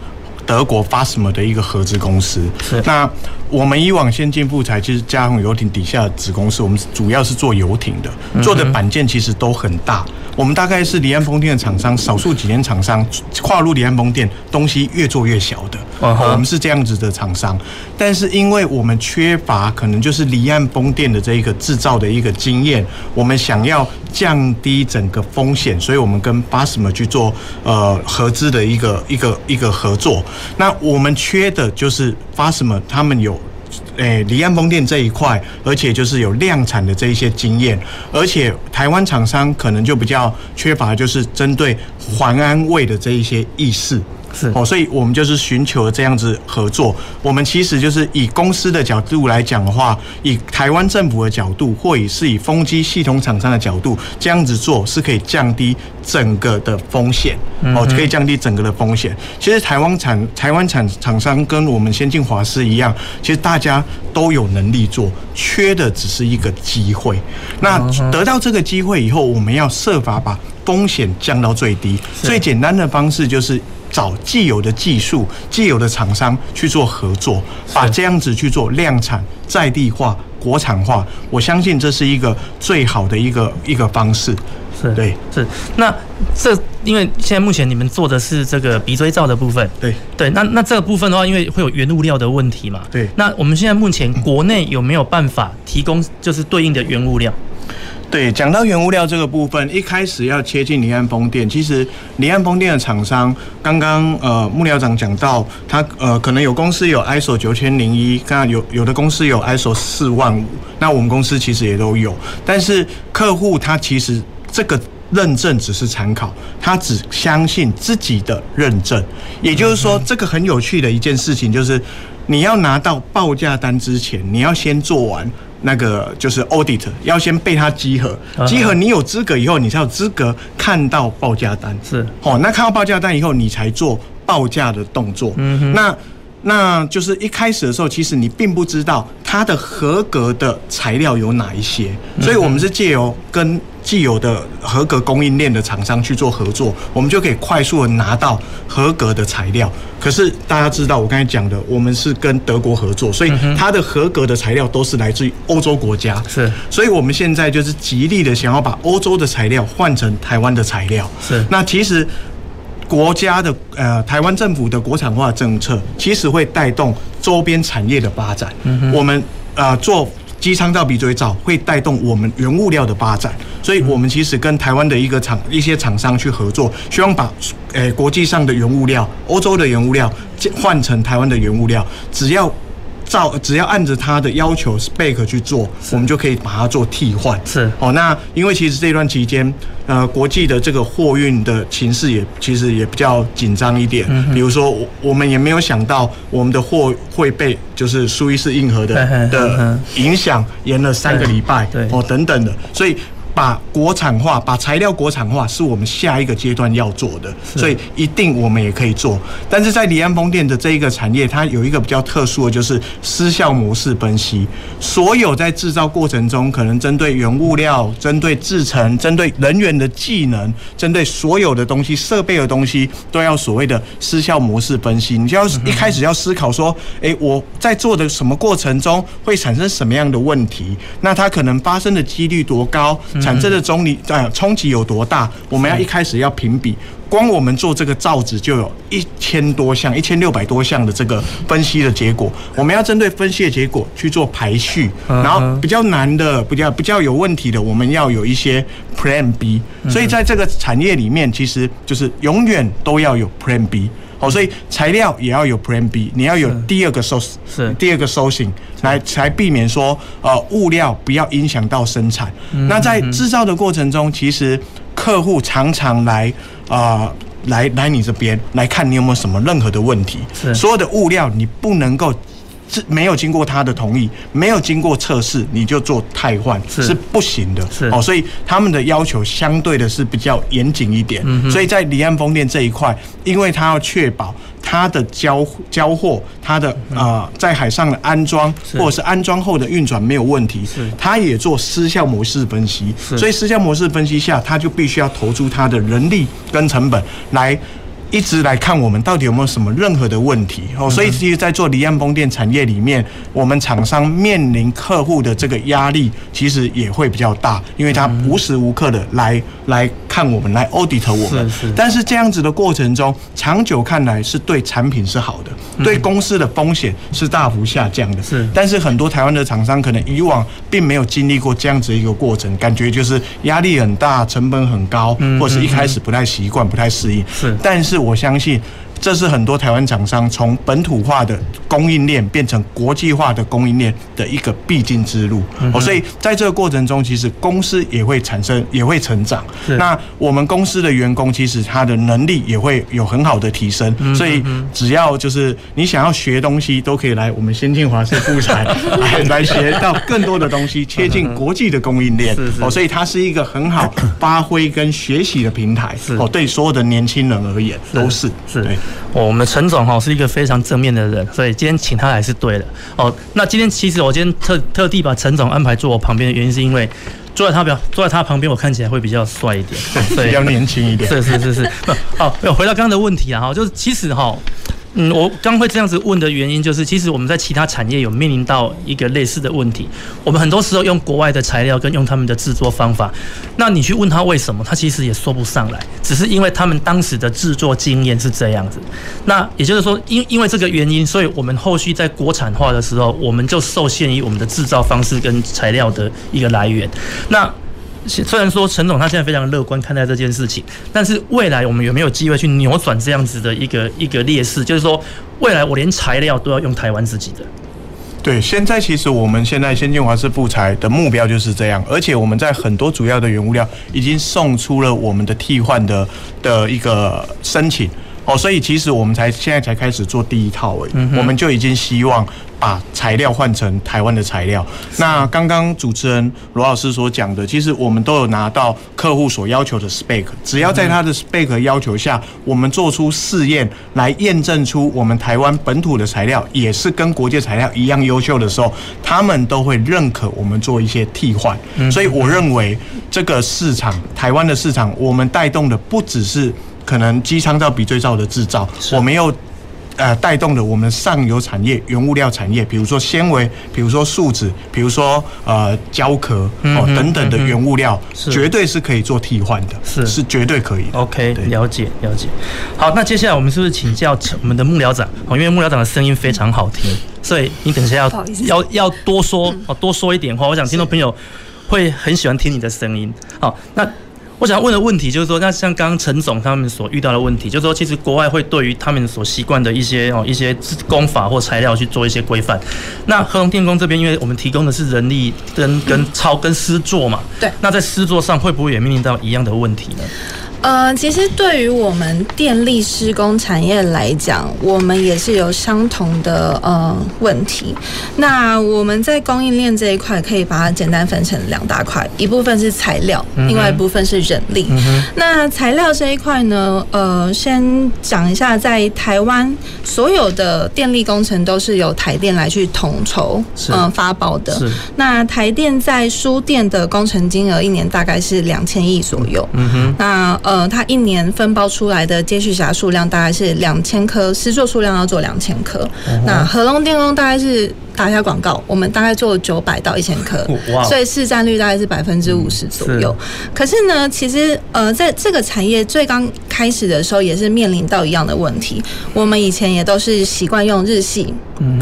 德國巴斯麼的一個合資公司。是，那我們以往先進複材就是嘉鴻遊艇底下的子公司，我們主要是做遊艇的，做的板件其實都很大。嗯、哼我們大概是離岸風電的廠商，少數幾間廠商跨入離岸風電，東西越做越小的。嗯、哼我們是這樣子的廠商，但是因為我們缺乏可能就是離岸風電的這一個製造的一個經驗，我們想要。降低整個風險，所以我們跟巴斯馬去做呃合資的一個一個一個合作。那我們缺的就是巴斯馬他們有，誒、哎、離岸風電這一塊，而且就是有量產的這一些經驗，而且台灣廠商可能就比較缺乏，就是針對環安衛的這一些意識。是哦，所以我們就是尋求了這樣子合作。我們其實就是以公司的角度來講的話，以台灣政府的角度，或者是以風機系統廠商的角度，這樣子做是可以降低。整個的風險哦，可以降低整個的風險。其實台灣產台灣產廠商跟我們先進華斯一樣，其實大家都有能力做，缺的只是一個機會。那得到這個機會以後，我們要設法把風險降到最低。是最簡單的方式就是找既有的技術、既有的廠商去做合作，把這樣子去做量產，在地化。國產化，我相信這是一個最好的一個一個方式。對，是。對是。那這，因為現在目前你們做的是這個鼻錐罩的部分，對對。那那這個部分的話，因為會有原物料的問題嘛，對。那我們現在目前國內有沒有辦法提供就是對應的原物料？對，講到原物料這個部分，一開始要切進離岸風電。其實，離岸風電的廠商，剛剛呃，幕僚長講到，他呃，可能有公司有 ISO 九千零一，剛剛有有的公司有 ISO 四萬五。那我們公司其實也都有，但是客戶他其實這個認證只是參考，他只相信自己的認證。也就是說，這個很有趣的一件事情，就是你要拿到報價單之前，你要先做完。那個就是 audit，要先被他集合，集合你有資格以後，你才有資格看到報價單，是哦，喔。那看到報價單以後，你才做報價的動作。嗯哼。那，那就是一開始的時候，其實你並不知道它的合格的材料有哪一些，所以我們是借由跟。既有的合格供應鏈的廠商去做合作，我們就可以快速的拿到合格的材料。可是大家知道，我剛才講的，我們是跟德國合作，所以它的合格的材料都是來自於歐洲國家。是，所以我們現在就是極力的想要把歐洲的材料換成台灣的材料。是。那其實國家的呃台灣政府的國產化政策，其實會帶動周邊產業的發展。嗯哼。我們啊、呃、做。機艙罩鼻嘴罩，會帶動我們原物料的發展，所以我們其實跟台灣的一個廠、一些廠商去合作，希望把誒國際上的原物料、歐洲的原物料換成台灣的原物料，只要。照只要按着他的要求 spec 去做，我們就可以把它做替換。是,是哦，那因為其實這段期間，呃，國際的這個貨運的情勢也其實也比較緊張一點。嗯,嗯，比如說我們也沒有想到我們的貨會被就是蘇伊士運河的的影響延了三個禮拜。對、嗯、哦，等等的，所以。把國產化，把材料國產化，是我們下一個階段要做的，是所以一定我們也可以做。但是在離岸風電的這一個產業，它有一個比較特殊的就是失效模式分析。所有在製造過程中，可能針對原物料、針對制程、針對人員的技能、針對所有的東西、設備的東西，都要所謂的失效模式分析。你就要、嗯、哼一開始要思考說，誒、欸，我在做的什麼過程中會產生什麼樣的問題？那它可能發生的幾率多高？產生的衝力呃衝擊有多大？我們要一開始要評比，光我們做這個罩子，就有一千多項、一千六百多項的這個分析的結果，我們要針對分析的結果去做排序，然後比較難的、比較比較有問題的，我們要有一些 Plan B。所以在這個產業裡面，其實就是永遠都要有 Plan B。好，所以材料也要有 Plan B，你要有第二個 source，是第二個 sourcing 是來，才避免說呃物料不要影響到生產。嗯、哼哼。那在製造的過程中，其實客戶常常來啊、呃、來來你這邊來看你有沒有什麼任何的問題，是所有的物料你不能夠。是沒有經過他的同意，沒有經過測試，你就做汰換是，是不行的。是哦，所以他們的要求相對的是比較嚴謹一點。嗯、哼所以在離岸風電這一塊，因為他要確保他的交交貨，他的啊、呃、在海上的安裝、嗯、哼或者是安裝後的運轉沒有問題，是他也做失效模式分析。是所以失效模式分析下，他就必須要投注他的人力跟成本來。一直來看我們到底有沒有什麼任何的問題哦，所以其實，在做離岸風電產業裡面，我們廠商面臨客戶的這個壓力，其實也會比較大，因為他無時無刻的來來看我們，來 audit 我們。但是這樣子的過程中，長久看來是對產品是好的，對公司的風險是大幅下降的。是。但是很多台灣的廠商可能以往並沒有經歷過這樣子一個過程，感覺就是壓力很大，成本很高，或者是一開始不太習慣、不太適應。是。但是我相信，這是很多台灣廠商從本土化的供應鏈變成國際化的供應鏈的一個必經之路。所以在這個過程中，其實公司也會產生，也會成長。那我們公司的員工其實他的能力也會有很好的提升。所以只要就是你想要學東西，都可以來我們先進華斯複材來來學到更多的東西，貼近國際的供應鏈哦，所以它是一個很好發揮跟學習的平台哦，對所有的年輕人而言都是是哦，我們陳總哈是一個非常正面的人，所以今天請他來是對的哦。那今天其實我今天特特地把陳總安排坐我旁邊的原因，是因為坐在他表坐在他旁邊，我看起來會比較帥一點，對所以比較年輕一點。是是是是。好，回到剛剛的問題啊，哈，就是其實哈，哦。嗯，我剛會這樣子問的原因，就是其實我們在其他產業有面臨到一個類似的問題。我們很多時候用國外的材料跟用他們的製作方法，那你去問他為什麼，他其實也說不上來，只是因為他們當時的製作經驗是這樣子。那也就是說，因因為這個原因，所以我們後續在國產化的時候，我們就受限於我們的製造方式跟材料的一個來源。那雖然說陳總他現在非常樂觀看待這件事情，但是未來我們有沒有機會去扭轉這樣子的一個一個劣勢？就是說，未來我連材料都要用台灣自己的。對，現在其實我們現在先進華斯複材的目標就是這樣，而且我們在很多主要的原物料已經送出了我們的替換的的一個申請哦，所以其實我們才現在才開始做第一套而已，嗯、哼我們就已經希望。把材料換成台灣的材料。是那剛剛主持人羅老師所講的，其實我們都有拿到客戶所要求的 spec，只要在他的 spec 要求下，嗯、我們做出試驗來驗證出我們台灣本土的材料也是跟國際材料一樣優秀的時候，他們都會認可我們做一些替換。嗯、所以我認為這個市場，台灣的市場，我們帶動的不只是可能機艙罩、鼻錐罩的制造，是我們又。呃，帶動了我們上游產業、原物料產業，比如說纖維，比如說樹脂，比如說呃膠殼哦、嗯、哼等等的原物料，是絕對是可以做替換的，是是絕對可以。OK，對了解了解。好，那接下來我們是不是請教我們的幕僚長？哦，因為幕僚長的聲音非常好聽，所以你等一下要要要多說哦，多說一點話。我想聽眾朋友會很喜歡聽你的聲音。好，那。我想要問的問題就是說，那像剛剛陳總他們所遇到的問題，就是說，其實國外會對於他們所習慣的一些哦、喔、一些工法或材料去做一些規範。那合隆電工這邊，因為我們提供的是人力跟跟操跟施作嘛，對、嗯。那在施作上會不會也面臨到一樣的問題呢？呃，其實對於我們電力施工產業來講，我們也是有相同的呃問題。那我們在供應鏈這一塊，可以把它簡單分成兩大塊，一部分是材料，另外一部分是人力。嗯嗯、那材料這一塊呢，呃，先講一下，在台灣所有的電力工程都是由台電來去統籌，嗯是、呃，發包的。是那台電在輸電的工程金額一年大概是兩千億左右。嗯哼，那呃。嗯，它一年分包出來的接續匣，數量大概是兩千顆，師座數量要做兩千顆，嗯、哼那合隆電工大概是。打一下廣告，我們大概做了九百到一千顆，所以市占率大概是百分之五十左右。嗯、是可是呢，其實呃，在這個產業最剛開始的時候，也是面臨到一樣的問題。我們以前也都是習慣用日系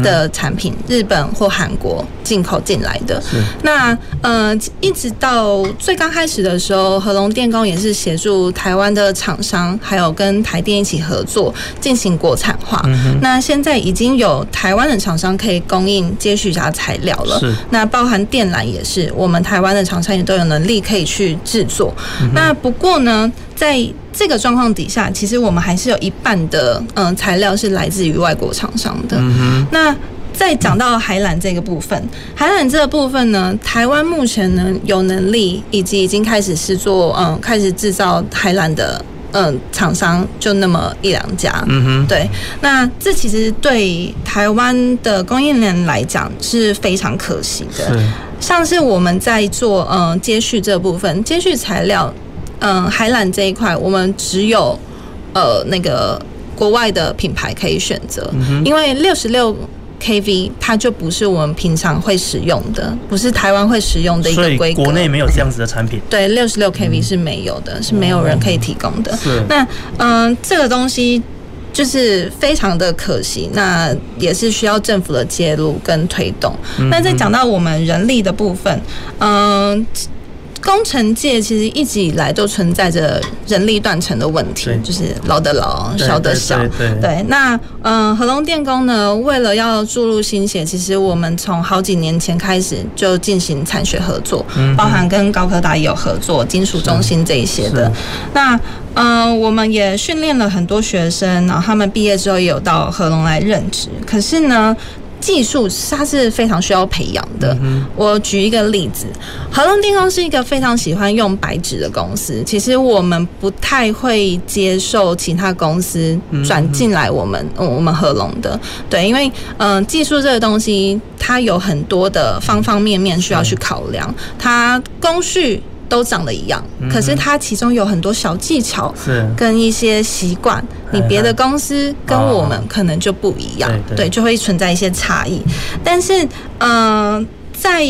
的產品，嗯、哼日本或韓國進口進來的。是那呃，一直到最剛開始的時候，合隆電工也是協助台灣的廠商，還有跟台電一起合作進行國產化。嗯、哼那現在已經有台灣的廠商可以供應。接續一下材料了，是那包含電纜也是，我們台灣的廠商也都有能力可以去製作。嗯、哼那不過呢，在這個狀況底下，其實我們還是有一半的嗯、呃、材料是來自於外國廠商的。嗯、哼那再講到海纜這個部分，海纜這個部分呢，台灣目前呢有能力以及已經開始試做，嗯、呃，開始製造海纜的。嗯，廠商就那麼一兩家，嗯哼，對，那這其實對台灣的供應鏈來講是非常可惜的。是像是我們在做嗯接續這部分接續材料，嗯，海纜這一塊，我們只有呃那個國外的品牌可以選擇，嗯哼，因為六十六。kV 它就不是我們平常會使用的，不是台灣會使用的一個規格，所以國內沒有這樣子的產品。對，六十六 kV 是沒有的，是沒有人可以提供的。嗯、是那嗯、呃，這個東西就是非常的可惜，那也是需要政府的介入跟推動。嗯嗯，那再講到我們人力的部分，嗯、呃。工程界其實一直以來都存在着人力斷層的問題，對就是老的老，少對的少。對，對對那嗯，合隆電工呢，為了要注入新血，其實我們從好幾年前開始就進行產學合作，嗯、哼包含跟高科大也有合作、金屬中心這一些的。那嗯，我們也訓練了很多學生，然後他們畢業之後也有到合隆來任職。可是呢，技術它是非常需要培養的。嗯、哼我舉一個例子，合隆電工是一個非常喜歡用白紙的公司。其實我們不太會接受其他公司轉進來我們，嗯哼嗯、我們合隆的。對，因為嗯、呃，技術這個東西它有很多的方方面面需要去考量，嗯、它工序。都長得一樣，可是它其中有很多小技巧，跟一些習慣，是你別的公司跟我們可能就不一樣，哦、對，對，對，就會存在一些差異。但是，嗯、呃，在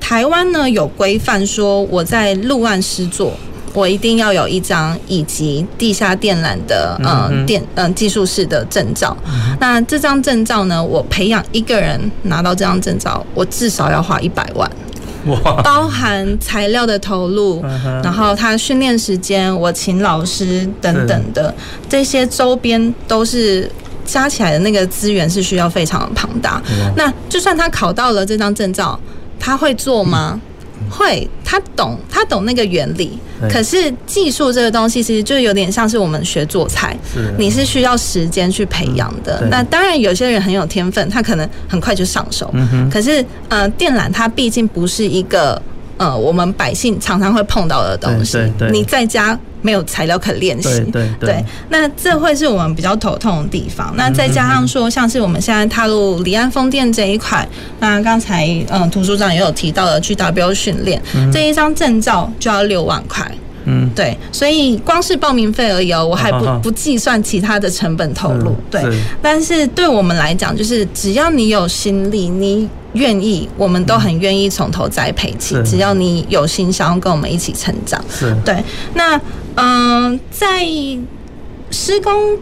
台灣呢有規範說，我在陸岸施作，我一定要有一張以及地下電纜的，呃、嗯哼，電，嗯、呃，技術士的證照。那這張證照呢，我培養一個人拿到這張證照，我至少要花一百萬。包含材料的投入，哇然後他訓練時間，我請老師等等的，是這些周邊都是加起來的那個資源是需要非常的龐大。哇那就算他考到了這張證照，他會做嗎？嗯嗯、會，他懂，他懂那個原理。可是技術這個東西，其實就有點像是我們學做菜，是啊、你是需要時間去培養的。嗯、那當然有些人很有天分，他可能很快就上手。嗯、哼可是，呃，電纜它畢竟不是一個。呃，我們百姓常常會碰到的東西，對對對，你在家沒有材料可練習，對對,對,對那這會是我們比較頭痛的地方。嗯嗯嗯，那再加上說，像是我們現在踏入離岸風電這一塊，那剛才嗯，凃組長也有提到的 GWO 訓練，嗯、這一張證照就要六萬塊，嗯，對。所以光是報名費而已、哦，我還不哦哦不計算其他的成本投入，嗯、對。是但是對我們來講，就是只要你有心力，你。願意，我們都很願意從頭栽培起。嗯、只要你有心，想要跟我們一起成長，是對。那嗯、呃，在施工，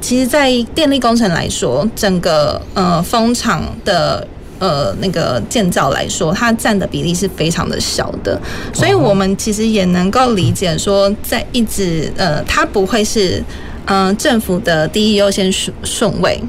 其實，在電力工程來說，整個呃風場的呃那個建造來說，它佔的比例是非常的小的。所以，我們其實也能夠理解說，在一直呃，它不會是嗯、呃、政府的第一優先順順位。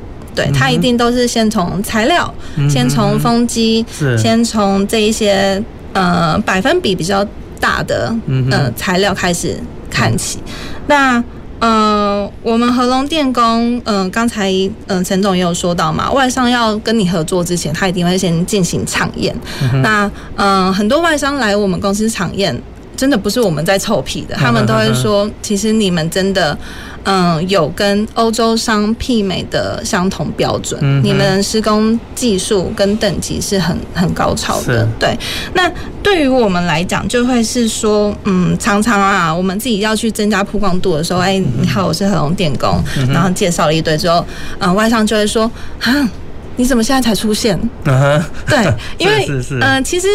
對，它一定都是先從材料，嗯、哼先從風機，是先從這一些呃百分比比較大的呃材料開始看起。嗯、哼那呃，我們合隆電工，嗯、呃，剛才嗯陳、呃、總也有說到嘛，外商要跟你合作之前，他一定會先進行廠驗。嗯哼那嗯、呃，很多外商來我們公司廠驗。真的不是我們在臭屁的，他們都會說，其實你們真的，嗯，有跟歐洲商媲美的相同標準，嗯、哼你們施工技術跟等級是很很高超的。是對，那對於我們來講，就會是說，嗯，常常啊，我們自己要去增加曝光度的時候，哎、欸，你好，我是合隆電工，嗯、哼然後介紹了一堆之後，嗯，外商就會說，啊。你怎麼現在才出現？Uh huh. 對，因為嗯、 (laughs) 呃，其實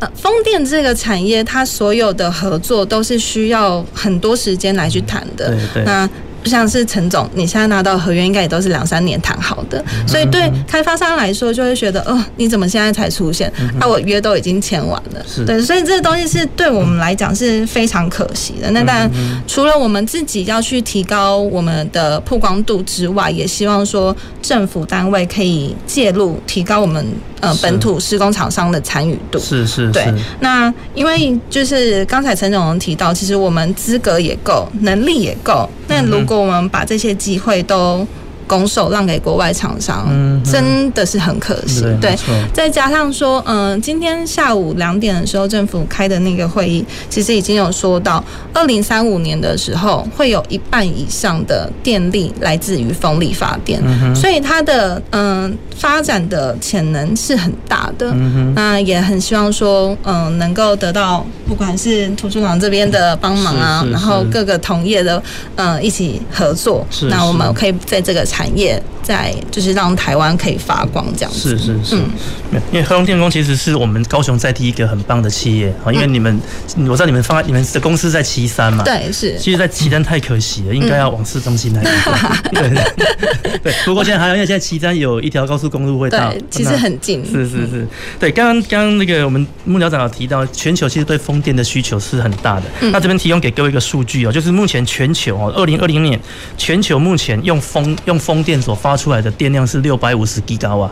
呃，風電這個產業，它所有的合作都是需要很多時間來去談的。嗯、對、對，那。像是陳總，你現在拿到合約應該也都是兩三年談好的，所以對開發商來說就會覺得，哦，你怎麼現在才出現？那我約都已經簽完了，對，所以這個東西是對我們來講是非常可惜的。那當然，除了我們自己要去提高我們的曝光度之外，也希望說政府單位可以介入，提高我們。呃，本土施工廠商的參與度是是，是是對，那因為就是剛才陳總提到，其實我們資格也夠，能力也夠，那、嗯、哼如果我們把這些機會都。拱手讓給國外廠商，嗯、哼真的是很可惜。對，對再加上說，嗯、呃，今天下午兩點的時候，政府開的那個會議，其實已經有說到，二零三五年的時候，會有一半以上的電力來自於風力發電，嗯、哼所以它的嗯、呃、發展的潛能是很大的。那、嗯哼呃、也很希望說，嗯、呃，能夠得到不管是圖書館這邊的幫忙啊，是是是然後各個同業的嗯、呃、一起合作，那是我們可以在這個產。產業在就是讓台灣可以發光這樣子，是是是，因為合隆電工其實是我們高雄在地一個很棒的企業啊。因為你們，我知道你們放在你們的公司在旗山嘛，對，是。其實，在旗山太可惜了，應該要往市中心來。對對，不過，現在還有，因為現在旗山有一條高速公路會到，其實很近。是是是，對。剛剛剛剛那個我們幕僚長有提到，全球其實對風電的需求是很大的。那這邊提供給各位一個數據哦，就是目前全球哦，二零二零年全球目前用風用風。風電所發出來的電量是六百五十吉瓦，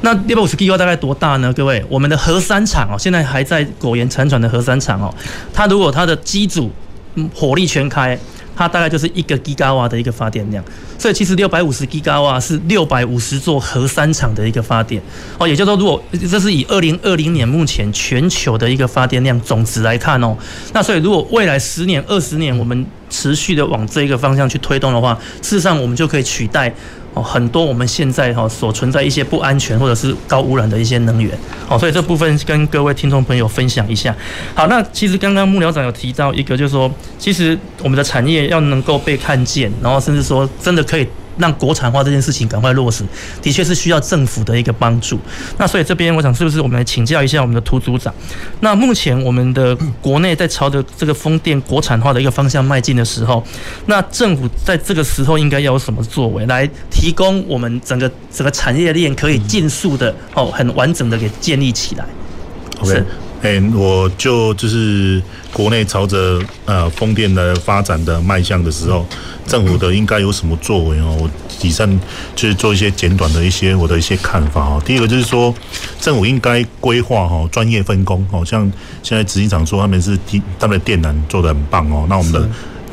那六百五十吉瓦大概多大呢？各位，我們的核三廠哦，現在還在苟延殘喘的核三廠哦，它如果它的機組、嗯、火力全開，它大概就是一個吉瓦的一個發電量。所以其實六百五十吉瓦是六百五十座核三廠的一個發電哦，也就是說如果這是以二零二零年目前全球的一個發電量總值來看哦，那所以如果未來十年、二十年我們。持續的往這一個方向去推動的話，事實上我們就可以取代哦，很多我們現在哈所存在一些不安全或者是高污染的一些能源好，所以這部分跟各位聽眾朋友分享一下。好，那其實剛剛幕僚長有提到一個，就是說其實我們的產業要能夠被看見，然後甚至說真的可以。讓國產化這件事情趕快落實，的確是需要政府的一個幫助。那所以這邊我想，是不是我們來請教一下我們的涂組長？那目前我們的國內在朝着這個風電國產化的一個方向邁進的時候，那政府在這個時候應該要有什麼作為，來提供我們整個整個產業鏈可以盡速的、嗯、哦，很完整的給建立起來？OK，哎是、欸，我就就是。國內朝着呃風電的發展的邁向的時候，政府的應該有什麼作為哦？我以上就是做一些簡短的一些我的一些看法哦。第一個就是說，政府應該規劃哦專業分工哦，像現在執行長說他們是他們的電纜做得很棒哦。那我們的是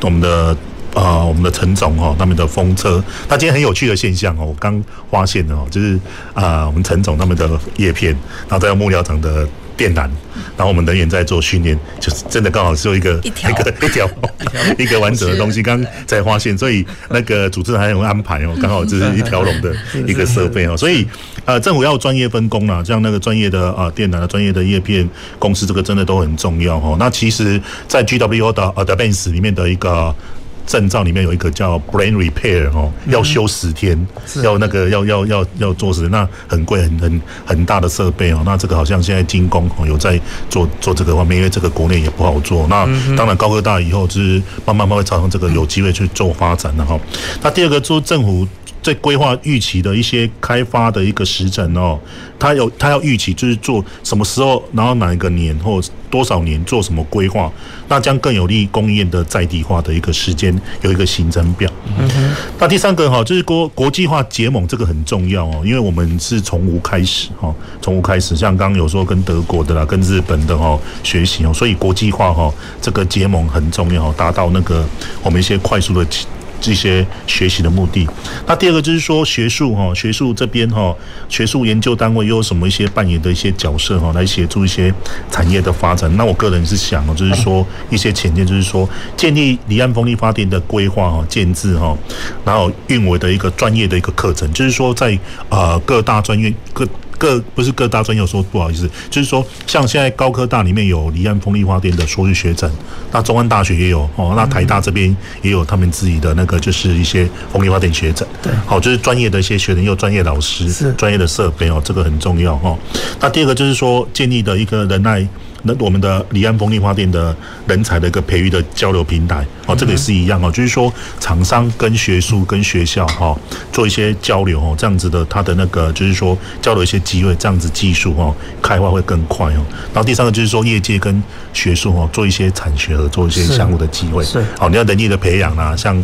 我們的呃我們的陳總哦，他們的風車，那今天很有趣的現象哦，我剛發現了哦，就是啊、呃、我們陳總他們的葉片，然後再用幕僚長的，電纜，然後我們人員在做訓練，就是真的剛好是一個一，條一個一條 (laughs) 一，條一個完整的東西，剛是才發現，所以那個主持人還有安排哦，剛 (laughs) 好就是一條龍的一個設備哦，所以呃政府要專業分工啊，像那個專業的啊、呃、電纜的專業的葉片公司，這個真的都很重要哦、喔。那其實，在 GWO 的呃的 Advance 裡面的一個。證照裡面有一個叫 brain repair、哦、要修十天，嗯嗯要那個要要要要做十天，那很貴很很很大的設備哦，那這個好像現在精工、哦、有在做做這個方面，因為這個國內也不好做。那嗯嗯當然高科大以後就是慢慢慢慢會朝向這個有機會去做發展哈、哦。那第二個做政府。在規劃預期的一些開發的一個時程哦，他有他要預期就是做什麼時候，然後哪一個年或多少年做什麼規劃，那將更有利於供應鏈的在地化的一個時間有一個行程表。嗯哼。那第三個哈、啊，就是國國際化結盟這個很重要哦，因為我們是從無開始哈，從無開始，像剛剛有說跟德國的啦，跟日本的哈、哦、學習哦，所以國際化哈、哦、這個結盟很重要，達到那個我們一些快速的。這些學習的目的，那第二個就是說學術哈、哦，學術這邊哈、哦，學術研究單位又有什麼一些扮演的一些角色哈、哦，來協助一些產業的發展。那我個人是想就是說一些淺見，就是說建立離岸風力發電的規劃、哦、建製哈、哦，然後運維的一個專業的一個課程，就是說在呃各大專業各。各不是各大專業，有說不好意思，就是說像現在高科大裡面有離岸風力發電的碩士學長，那中央大學也有哦，那台大這邊也有他們自己的那個，就是一些風力發電學長，對，好，就是專業的一些學生，有專業老師，是專業的設備哦，這個很重要哈。那第二個就是說建立的一個人脈。那我們的離岸風力發電的人才的一個培育的交流平台哦，這個也是一樣哦，就是說廠商跟學術跟學校哈、哦、做一些交流哦，這樣子的他的那個就是說交流一些機會，這樣子技術哦開發會更快哦。然後第三個就是說業界跟學術哦做一些產學合作一些項目的機會，是是哦你要能力的培養啦、啊，像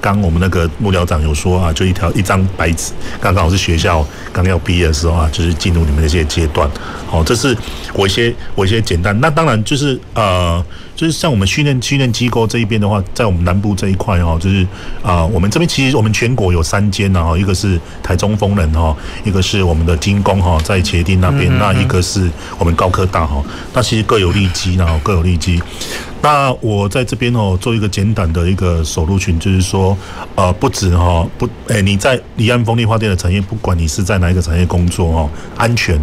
剛,剛我們那個幕僚長有說啊，就一條一張白紙，剛剛好是學校，剛剛要畢業的時候啊，就是進入你們那些階段，哦，這是我一些我一些簡。那那當然就是呃，就是像我們訓練訓練機構這一邊的話，在我們南部這一塊哦，就是啊、呃，我們這邊其實我們全國有三間呢、啊，一個是台中風能哈、哦，一個是我們的金工哈、哦，在茄萣那邊，嗯嗯嗯，那一個是我們高科大哈、哦，那其實各有利基呢、啊，各有利基。那我在這邊哦，做一個簡短的一個守路群，就是說呃，不止哈、哦，不，哎、欸，你在離岸風力發電的產業，不管你是在哪一個產業工作哦，安全。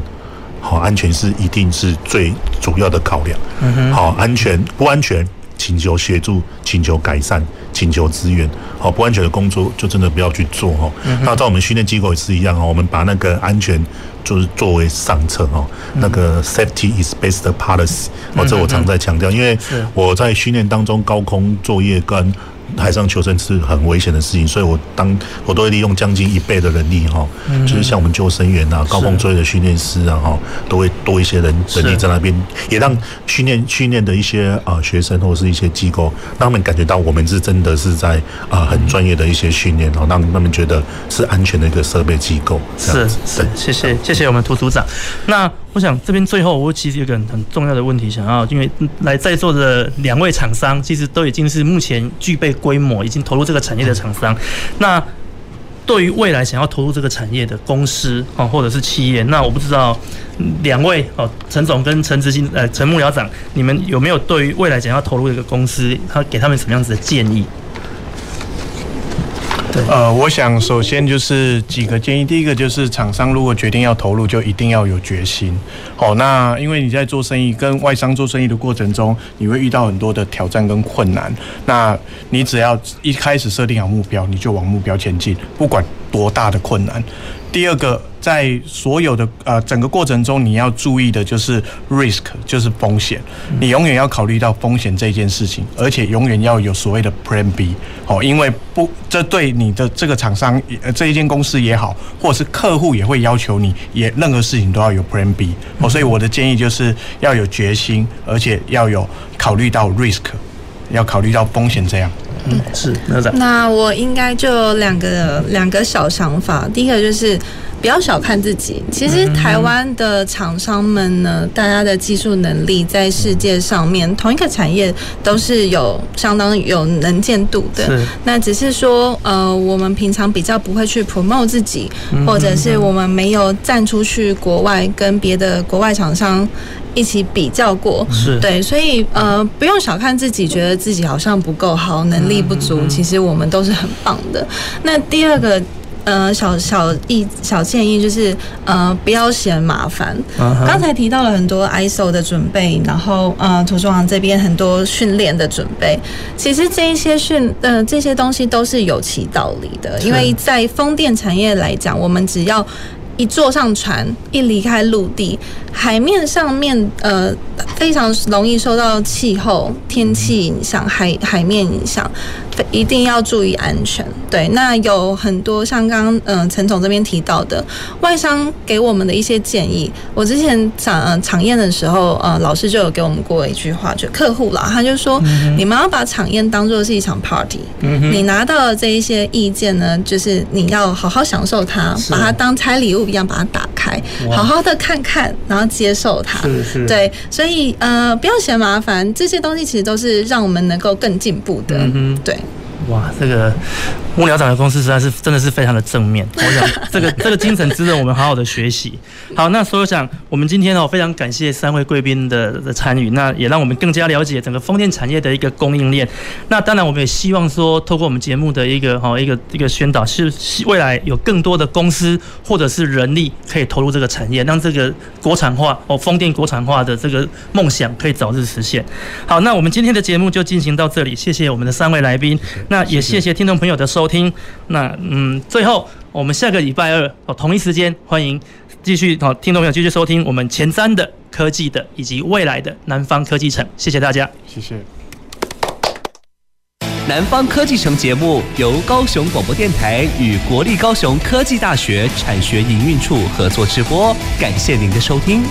好，安全是一定是最主要的考量。嗯哼，好，安全不安全，請求協助，請求改善，請求支援。好，不安全的工作就真的不要去做哦。那在、嗯、哼我們訓練機構也是一樣哦，我們把那個安全就是作為上策哦。嗯、哼那個 safety is best policy，哦、嗯哼，這我常在強調，因為我在訓練當中高空作業跟。海上求生是很危險的事情，所以我當我都會利用將近一倍的人力哈，嗯、就是像我們救生員啊、是高空作業的訓練師啊哈，都會多一些人是人力在那邊，也讓訓練訓練的一些啊學生或是一些機構，讓他們感覺到我們是真的是在啊、呃、很專業的一些訓練哦，讓他們覺得是安全的一個設備機構是。是是，對謝謝、嗯、謝謝我們涂組長。那我想這邊最後我其實有一個很重要的問題想要，因為來在座的兩位廠商其實都已經是目前具備規模已經投入這個產業的廠商，那對於未來想要投入這個產業的公司啊，或者是企業，那我不知道兩位哦，陳總跟陳執行，呃，陳幕僚長，你們有沒有對於未來想要投入一個公司，他給他們什麼樣子的建議？呃，我想首先就是幾個建議。第一個就是，廠商如果決定要投入，就一定要有決心。好、哦，那因為你在做生意，跟外商做生意的過程中，你會遇到很多的挑戰跟困難。那你只要一開始設定好目標，你就往目標前進，不管多大的困難。第二個，在所有的呃，整個過程中，你要注意的就是 risk，就是風險。你永遠要考慮到風險這件事情，而且永遠要有所謂的 plan B 哦，因為不這對你的這個廠商呃，這一間公司也好，或者是客戶也會要求你，也任何事情都要有 plan B 哦。所以我的建議就是要有決心，而且要有考慮到 risk，要考慮到風險這樣。嗯，是那我應該就兩個兩個小想法，第一個就是。不要小看自己。其實台灣的廠商們呢，大家的技術能力在世界上面，同一個產業都是有相當有能見度的。是那只是說，呃，我們平常比較不會去 promote 自己，或者是我們沒有站出去國外，跟別的國外廠商一起比較過。是對，所以呃，不用小看自己，覺得自己好像不夠好，能力不足。嗯嗯嗯，其實我們都是很棒的。那第二個。呃，小小一小建議就是，呃，不要嫌麻煩。剛、uh huh. 才提到了很多 ISO 的準備，然後呃，凃組長這邊很多訓練的準備，其實這一些訓呃這些東西都是有其道理的，是因為在風電產業來講，我們只要一坐上船，一離開陸地，海面上面呃非常容易受到氣候、天氣影響，mm hmm. 海海面影響。一定要注意安全。對，那有很多像剛剛嗯陳總這邊提到的外商給我們的一些建議。我之前場、呃、廠驗的時候，呃，老師就有給我們過一句話，就客戶啦，他就說、嗯、哼你們要把廠驗當做是一場 party、嗯哼。你拿到了這一些意見呢，就是你要好好享受它，是把它當拆禮物一樣把它打開，哇好好的看看，然後接受它。是是。對，所以呃不要嫌麻煩，這些東西其實都是讓我們能夠更進步的。嗯哼對。哇，這個幕僚長的公司實在是真的是非常的正面，我想這個這個精神值得我們好好的學習。好，那所以我想我們今天呢非常感謝三位貴賓的的參與，那也讓我們更加了解整個風電產業的一個供應鏈。那當然我們也希望說，透過我們節目的一個哦一個一個，一個宣導，是未來有更多的公司或者是人力可以投入這個產業，讓這個國產化哦風電國產化的這個夢想可以早日實現。好，那我們今天的節目就進行到這裡，謝謝我們的三位來賓。謝謝。那也謝謝聽眾朋友的收聽。那嗯，最後我們下個禮拜二哦，同一時間歡迎繼續哦，聽眾朋友繼續收聽我們前瞻的科技的以及未來的南方科技城。謝謝大家，謝謝。南方科技城節目由高雄廣播電台與國立高雄科技大學產學營運處合作直播，感謝您的收聽。